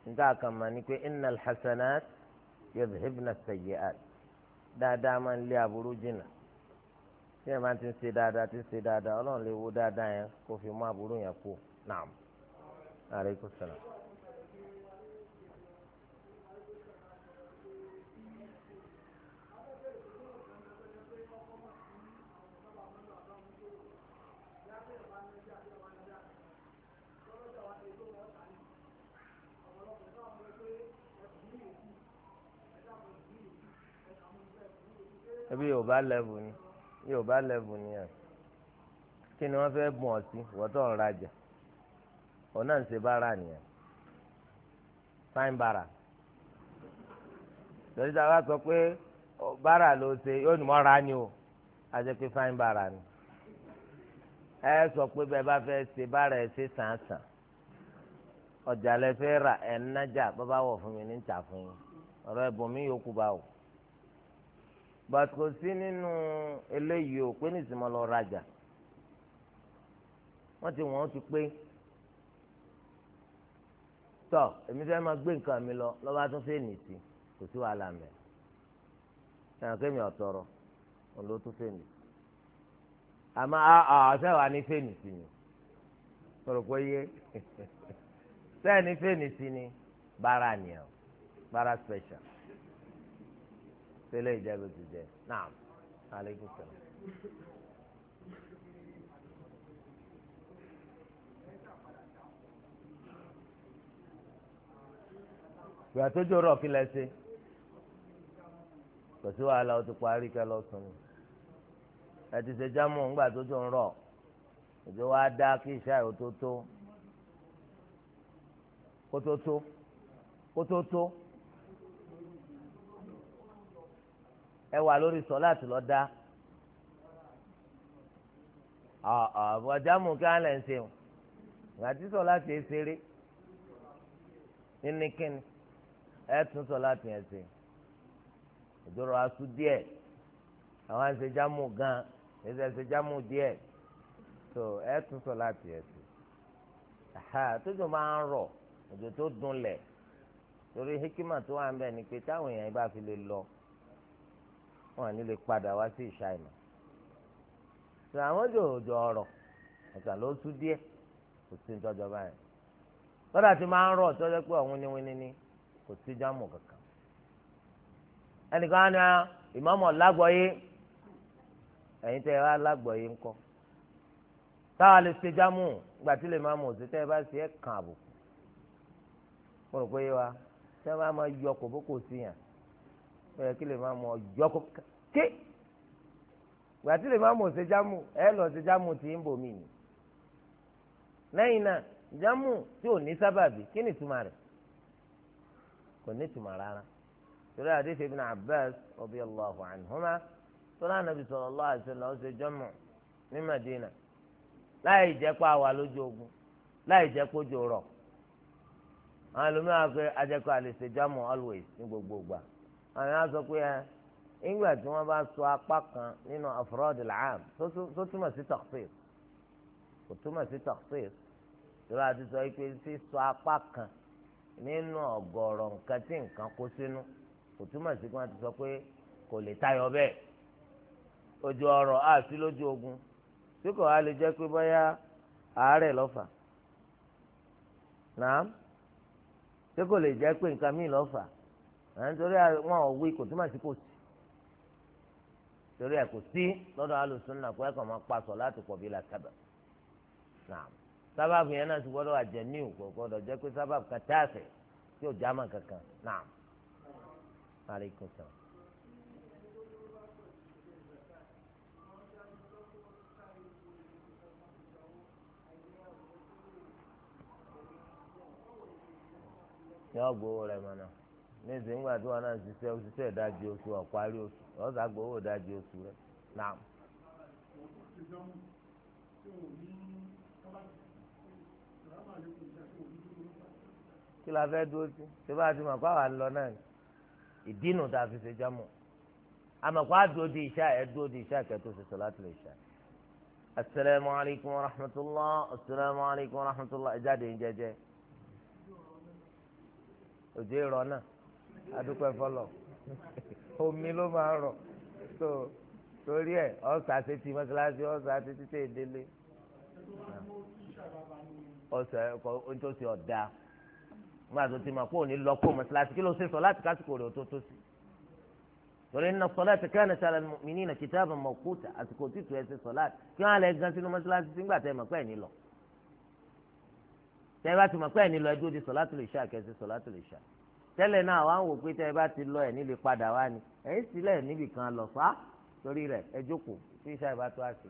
níta kan máa ní pé innal hasanat yadhhibna sayyi'at dáadáa máa ń lé aburú jìnnà tí ẹ máa ti ń ṣe dáadáa ti ń ṣe dáadáa ọlọ́run lè wo dáadáa yẹn kó fi mú aburú yẹn kú naam aleykum salaam. yorùbá lẹ́bù ni yorùbá lẹ́bù ni ẹ̀ kí ni wọ́n fẹ́ bùn ọ́ sí wọ́tọ̀ ń rajà òun náà ń ṣe bára nìyẹn fáìn bára lórí ta sọ pé bára ló ṣe yóò ní mọ́ra ni o a jẹ́ pé fáìn bára ni ẹ sọ pé bẹ́ẹ̀ bá fẹ́ ṣe bára ẹ ṣe sàn sàn ọjà lẹ fẹ́ rà ẹ̀ nájà bọ́ bá fún mi ní ìta fún yín ọ̀rọ̀ ẹ̀bùn mi yòókù bá wò bàtí kò sí nínú eléyìí ò pé nìsímọ́ lọ rajà wọ́n ti wọ́n ti pé tọ́ èmi fẹ́ máa gbé nǹkan mi lọ lọ́ba tún fẹ́ nìsí kò sí wàhálà mẹ́ ẹ̀rọ kémi ọ̀tọ̀rọ̀ òun ló tún fẹ́ nìsí àmọ́ ọ̀sẹ̀ wà ní fẹ́ nìsí ni sọ̀rọ̀ pé yé sẹ́ẹ̀ ní fẹ́ nìsí ni bára nìyẹn bára special sẹ́lẹ̀ ìjábẹ̀ ti jẹ́ náà aleykum salaam. ìgbà tó jọ rọ̀ kí lẹ ṣe kò sí wàhálà ó ti parí kẹ lọ sùn ẹ ti ṣe jámù ńgbà tó jọ ń rọ̀ òjò wa dá kí iṣẹ́ àìwò tó tó kó tó tó kó tó tó. ẹ wà lórí sọláàtì lọ́dá ọ̀bọ̀jámù kí wọ́n lẹ̀ ń ṣe o ìgbàtí sọláàtì ẹ ṣeré nínìkíni ẹ tún sọláàtì ẹ ṣe ìdúró asú díẹ̀ àwọn ẹsẹ̀ jámù gan ẹsẹ̀ ẹsẹ̀ jámù díẹ̀ tó ẹ tún sọláàtì ẹ ṣe tójú máa ń rọ̀ òjò tó dunlẹ̀ torí hikima tó wà ń bẹ̀ ni pé táwọn èèyàn bá fi lè lọ wọn ní lè padà wá sí ìṣá ìmọ̀ tí àwọn jò jọ ọ̀rọ̀ ọ̀tà ló tú díẹ̀ kò sí ìtọ́jọ báyìí lọ́dà tí máa ń rọ̀ tọ́jọ́ pé ọ̀hún ni wíní ni kò sí jámù kankan ẹnìkan á ní ah, ìmọ̀mọ̀ lágbọ̀ọ́yé ẹ̀yin tẹ́ ẹ wá lágbọ̀ọ́yé ńkọ́ táwa lè ṣe jámù gbà tí lè máa mọ̀ sí tẹ́ ẹ bá ṣe é kàn àbùkù mo rò pé wa tẹ́ ẹ bá máa yọ kòbókò sí yàn ó yẹ kí lè máa mọ ọjọ́ kó ké gbà tí lè máa mọ ṣèjámù ẹ lọ ṣèjámù tí ń bò ni lẹ́yìn náà ìjámù tí ò ní sábàbí kí ni ìtumọ̀ n'i kò ní rárá torí àdéhùn tọ́lá ní Madina láì jẹ́ pé àwa lójú ogun láì jẹ́ pé ojú rọ̀ àwọn ẹlòmíràn pé ajẹ́kọ̀ọ́ àlè ṣe jámù always ní gbogbo àwọn á sọ pé ẹ nígbà tí wọn bá sọ apá kan nínú afrọ́dì làám tó túmọ̀ sí tọ̀síf kò túmọ̀ sí tọ̀síf tó láti sọ pé sísọ apá kan nínú ọ̀gọ̀ọ̀rọ̀ nǹkan tí nǹkan kó sínú kò túmọ̀ sí kí ti sọ pé kò lè tayọ bẹ́ẹ̀ ojú ọ̀rọ̀ àti lójú ogun tí kò wá lè jẹ́ pé bóyá àárẹ̀ lọ́fà náà tí kò lè jẹ́ pé nǹkan à ń torí àwọn òwe kò túmọ̀ sí kò sí torí ẹ̀ kò sí lọ́dọ̀ alùsùnà kó ẹ̀kọ́ máa paṣọ láti pọ̀ bí làkàbà náà sábàbù yẹn náà ti gbọ́dọ̀ àjẹ́ ní òkò gbọ́dọ̀ jẹ́ pé sábàbù kan táàsì tí ò jámà kankan náà parí kọ̀ọ̀kan. yọ gbowó rẹ mọ náà. níṣẹ́ ńgbà tí wọn náà ṣiṣẹ́ òṣìṣẹ́ oṣù oṣù gbowó oṣù kí la fẹ́ dúró sí ṣé bá a ti mọ̀ kó àwa lọ náà ìdínú tá a fi ṣe jámọ̀ àmọ̀ kó a dúró di ìṣá dúró di ìṣá ṣe sọ láti lè ṣá. asalaamu alaykum rahmatulah asalaamu alaykum wa rahmatulah ẹ jáde ń òjò náà. adúpẹ́ fọlọ́ omi ló máa ń rọ̀ so torí ẹ̀ ọ̀sà tètè mọ́sálásí ọ̀sà tètè tè délé ọ̀sà ẹ̀kọ́ nítòsí ọ̀dà nígbà tó ti mọ̀ o òní lọ kó mọ́sálásí kí ló ṣe sọ láti kásìkò rẹ̀ tó tó sí torí inna salata kanat ala al-mu'minina kitaban mawquta àsìkò títù ẹsẹ sọlá kí wọn lè gan sínú mọ́sálásí sígbà tẹ́ mọ̀ pé ẹ̀ ní lọ tẹ́ bá ti mọ̀ pé ẹ̀ ní lọ ẹ dúró di sọlá tó lè ṣá kẹsẹ sọlá tó lè ṣá tẹ́lẹ̀ náà wá ń wò pé tẹ́ ẹ bá ti lọ ẹ̀ nílé padà wá ni ẹ̀yìn sílẹ̀ níbì kan lọ fà á torí rẹ̀ ẹ jókòó tí iṣẹ́ ẹ bá tó àṣẹ.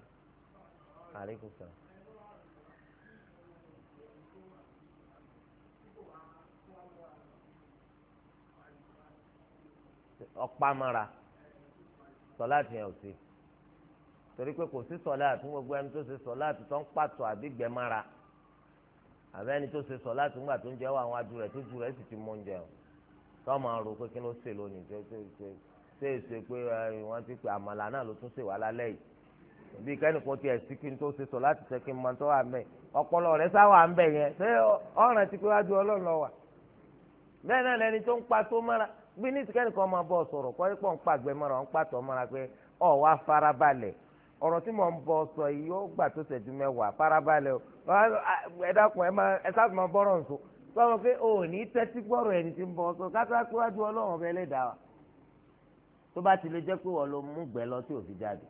ọ̀pamọ́ra sọláàtì yẹn ò sí torí pé kò sí sọláàtì gbogbo ẹni tó ṣe sọláàtì tó ń pàtó àbí gbẹmọ́ra àbẹ́ni tó ṣe sọláàtì ńgbà tó ń jẹ́ àwọn adúrẹ̀ tó ju rẹ̀ sì ti mú oúnjẹ o. tó máa rò pé kí ló ṣe lónìí ṣe ṣe ṣe ṣe ṣe pé wọ́n ti pè àmàlà náà ló tún ṣe wà lálẹ́ yìí bí kẹ́nìkan tiẹ̀ sí kí n tó ṣe sọ láti ṣe wà mẹ́ ọpọlọ rẹ sáwà ń bẹ̀ yẹn ṣé ọ̀ràn ti pé wájú ọlọ́run lọ wà bẹ́ẹ̀ náà lẹni tó ń tó mọ́ra bí ní kẹ́nìkan máa bọ̀ sọ̀rọ̀ kọ́rí pọ̀ ń pàgbẹ́ mọ́ra ń pàtọ́ mọ́ra pé sọ́wọ́ pé o ò ní tẹ́tí gbọ́rọ̀ ẹni tí ń bọ̀ sọ kátó akpéwájú ọlọ́run ọbẹ̀ ẹlẹ́dàá wa tó bá ti lè jẹ́ pé wọ́n ló mú gbẹ́ lọ tí ò fi jáde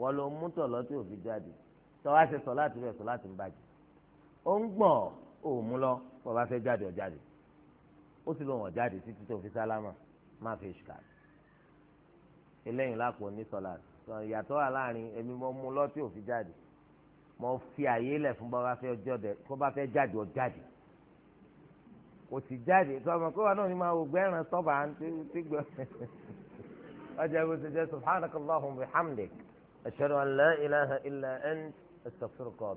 wọ́n ló mú tọ̀ lọ tí ò fi jáde tọ́wọ́ àṣẹ sọ láti rẹ̀ sọ láti ń bàjẹ́ ó ń gbọ̀ ó mú lọ bọ́ bá fẹ́ jáde ó ó sì lọ wọ́n títí tó fi sálámà má fi ṣùkà eléyìí lápò ní sọlá ìyàtọ̀ wà láàrin èmi mo mú lọ tí ò fi jáde mo fi àyè lẹ̀ fún bá fẹ́ jáde ó kò sì jáde tó ọmọ kó wa náà ni máa wò gbẹ́ràn sọ́ba à ń tí gbọ́. ọjà ìwé ṣe jẹ́ hàmdi subhanakallahumma bihamdik ashhadu an la ẹ̀ ń ant astaghfiruka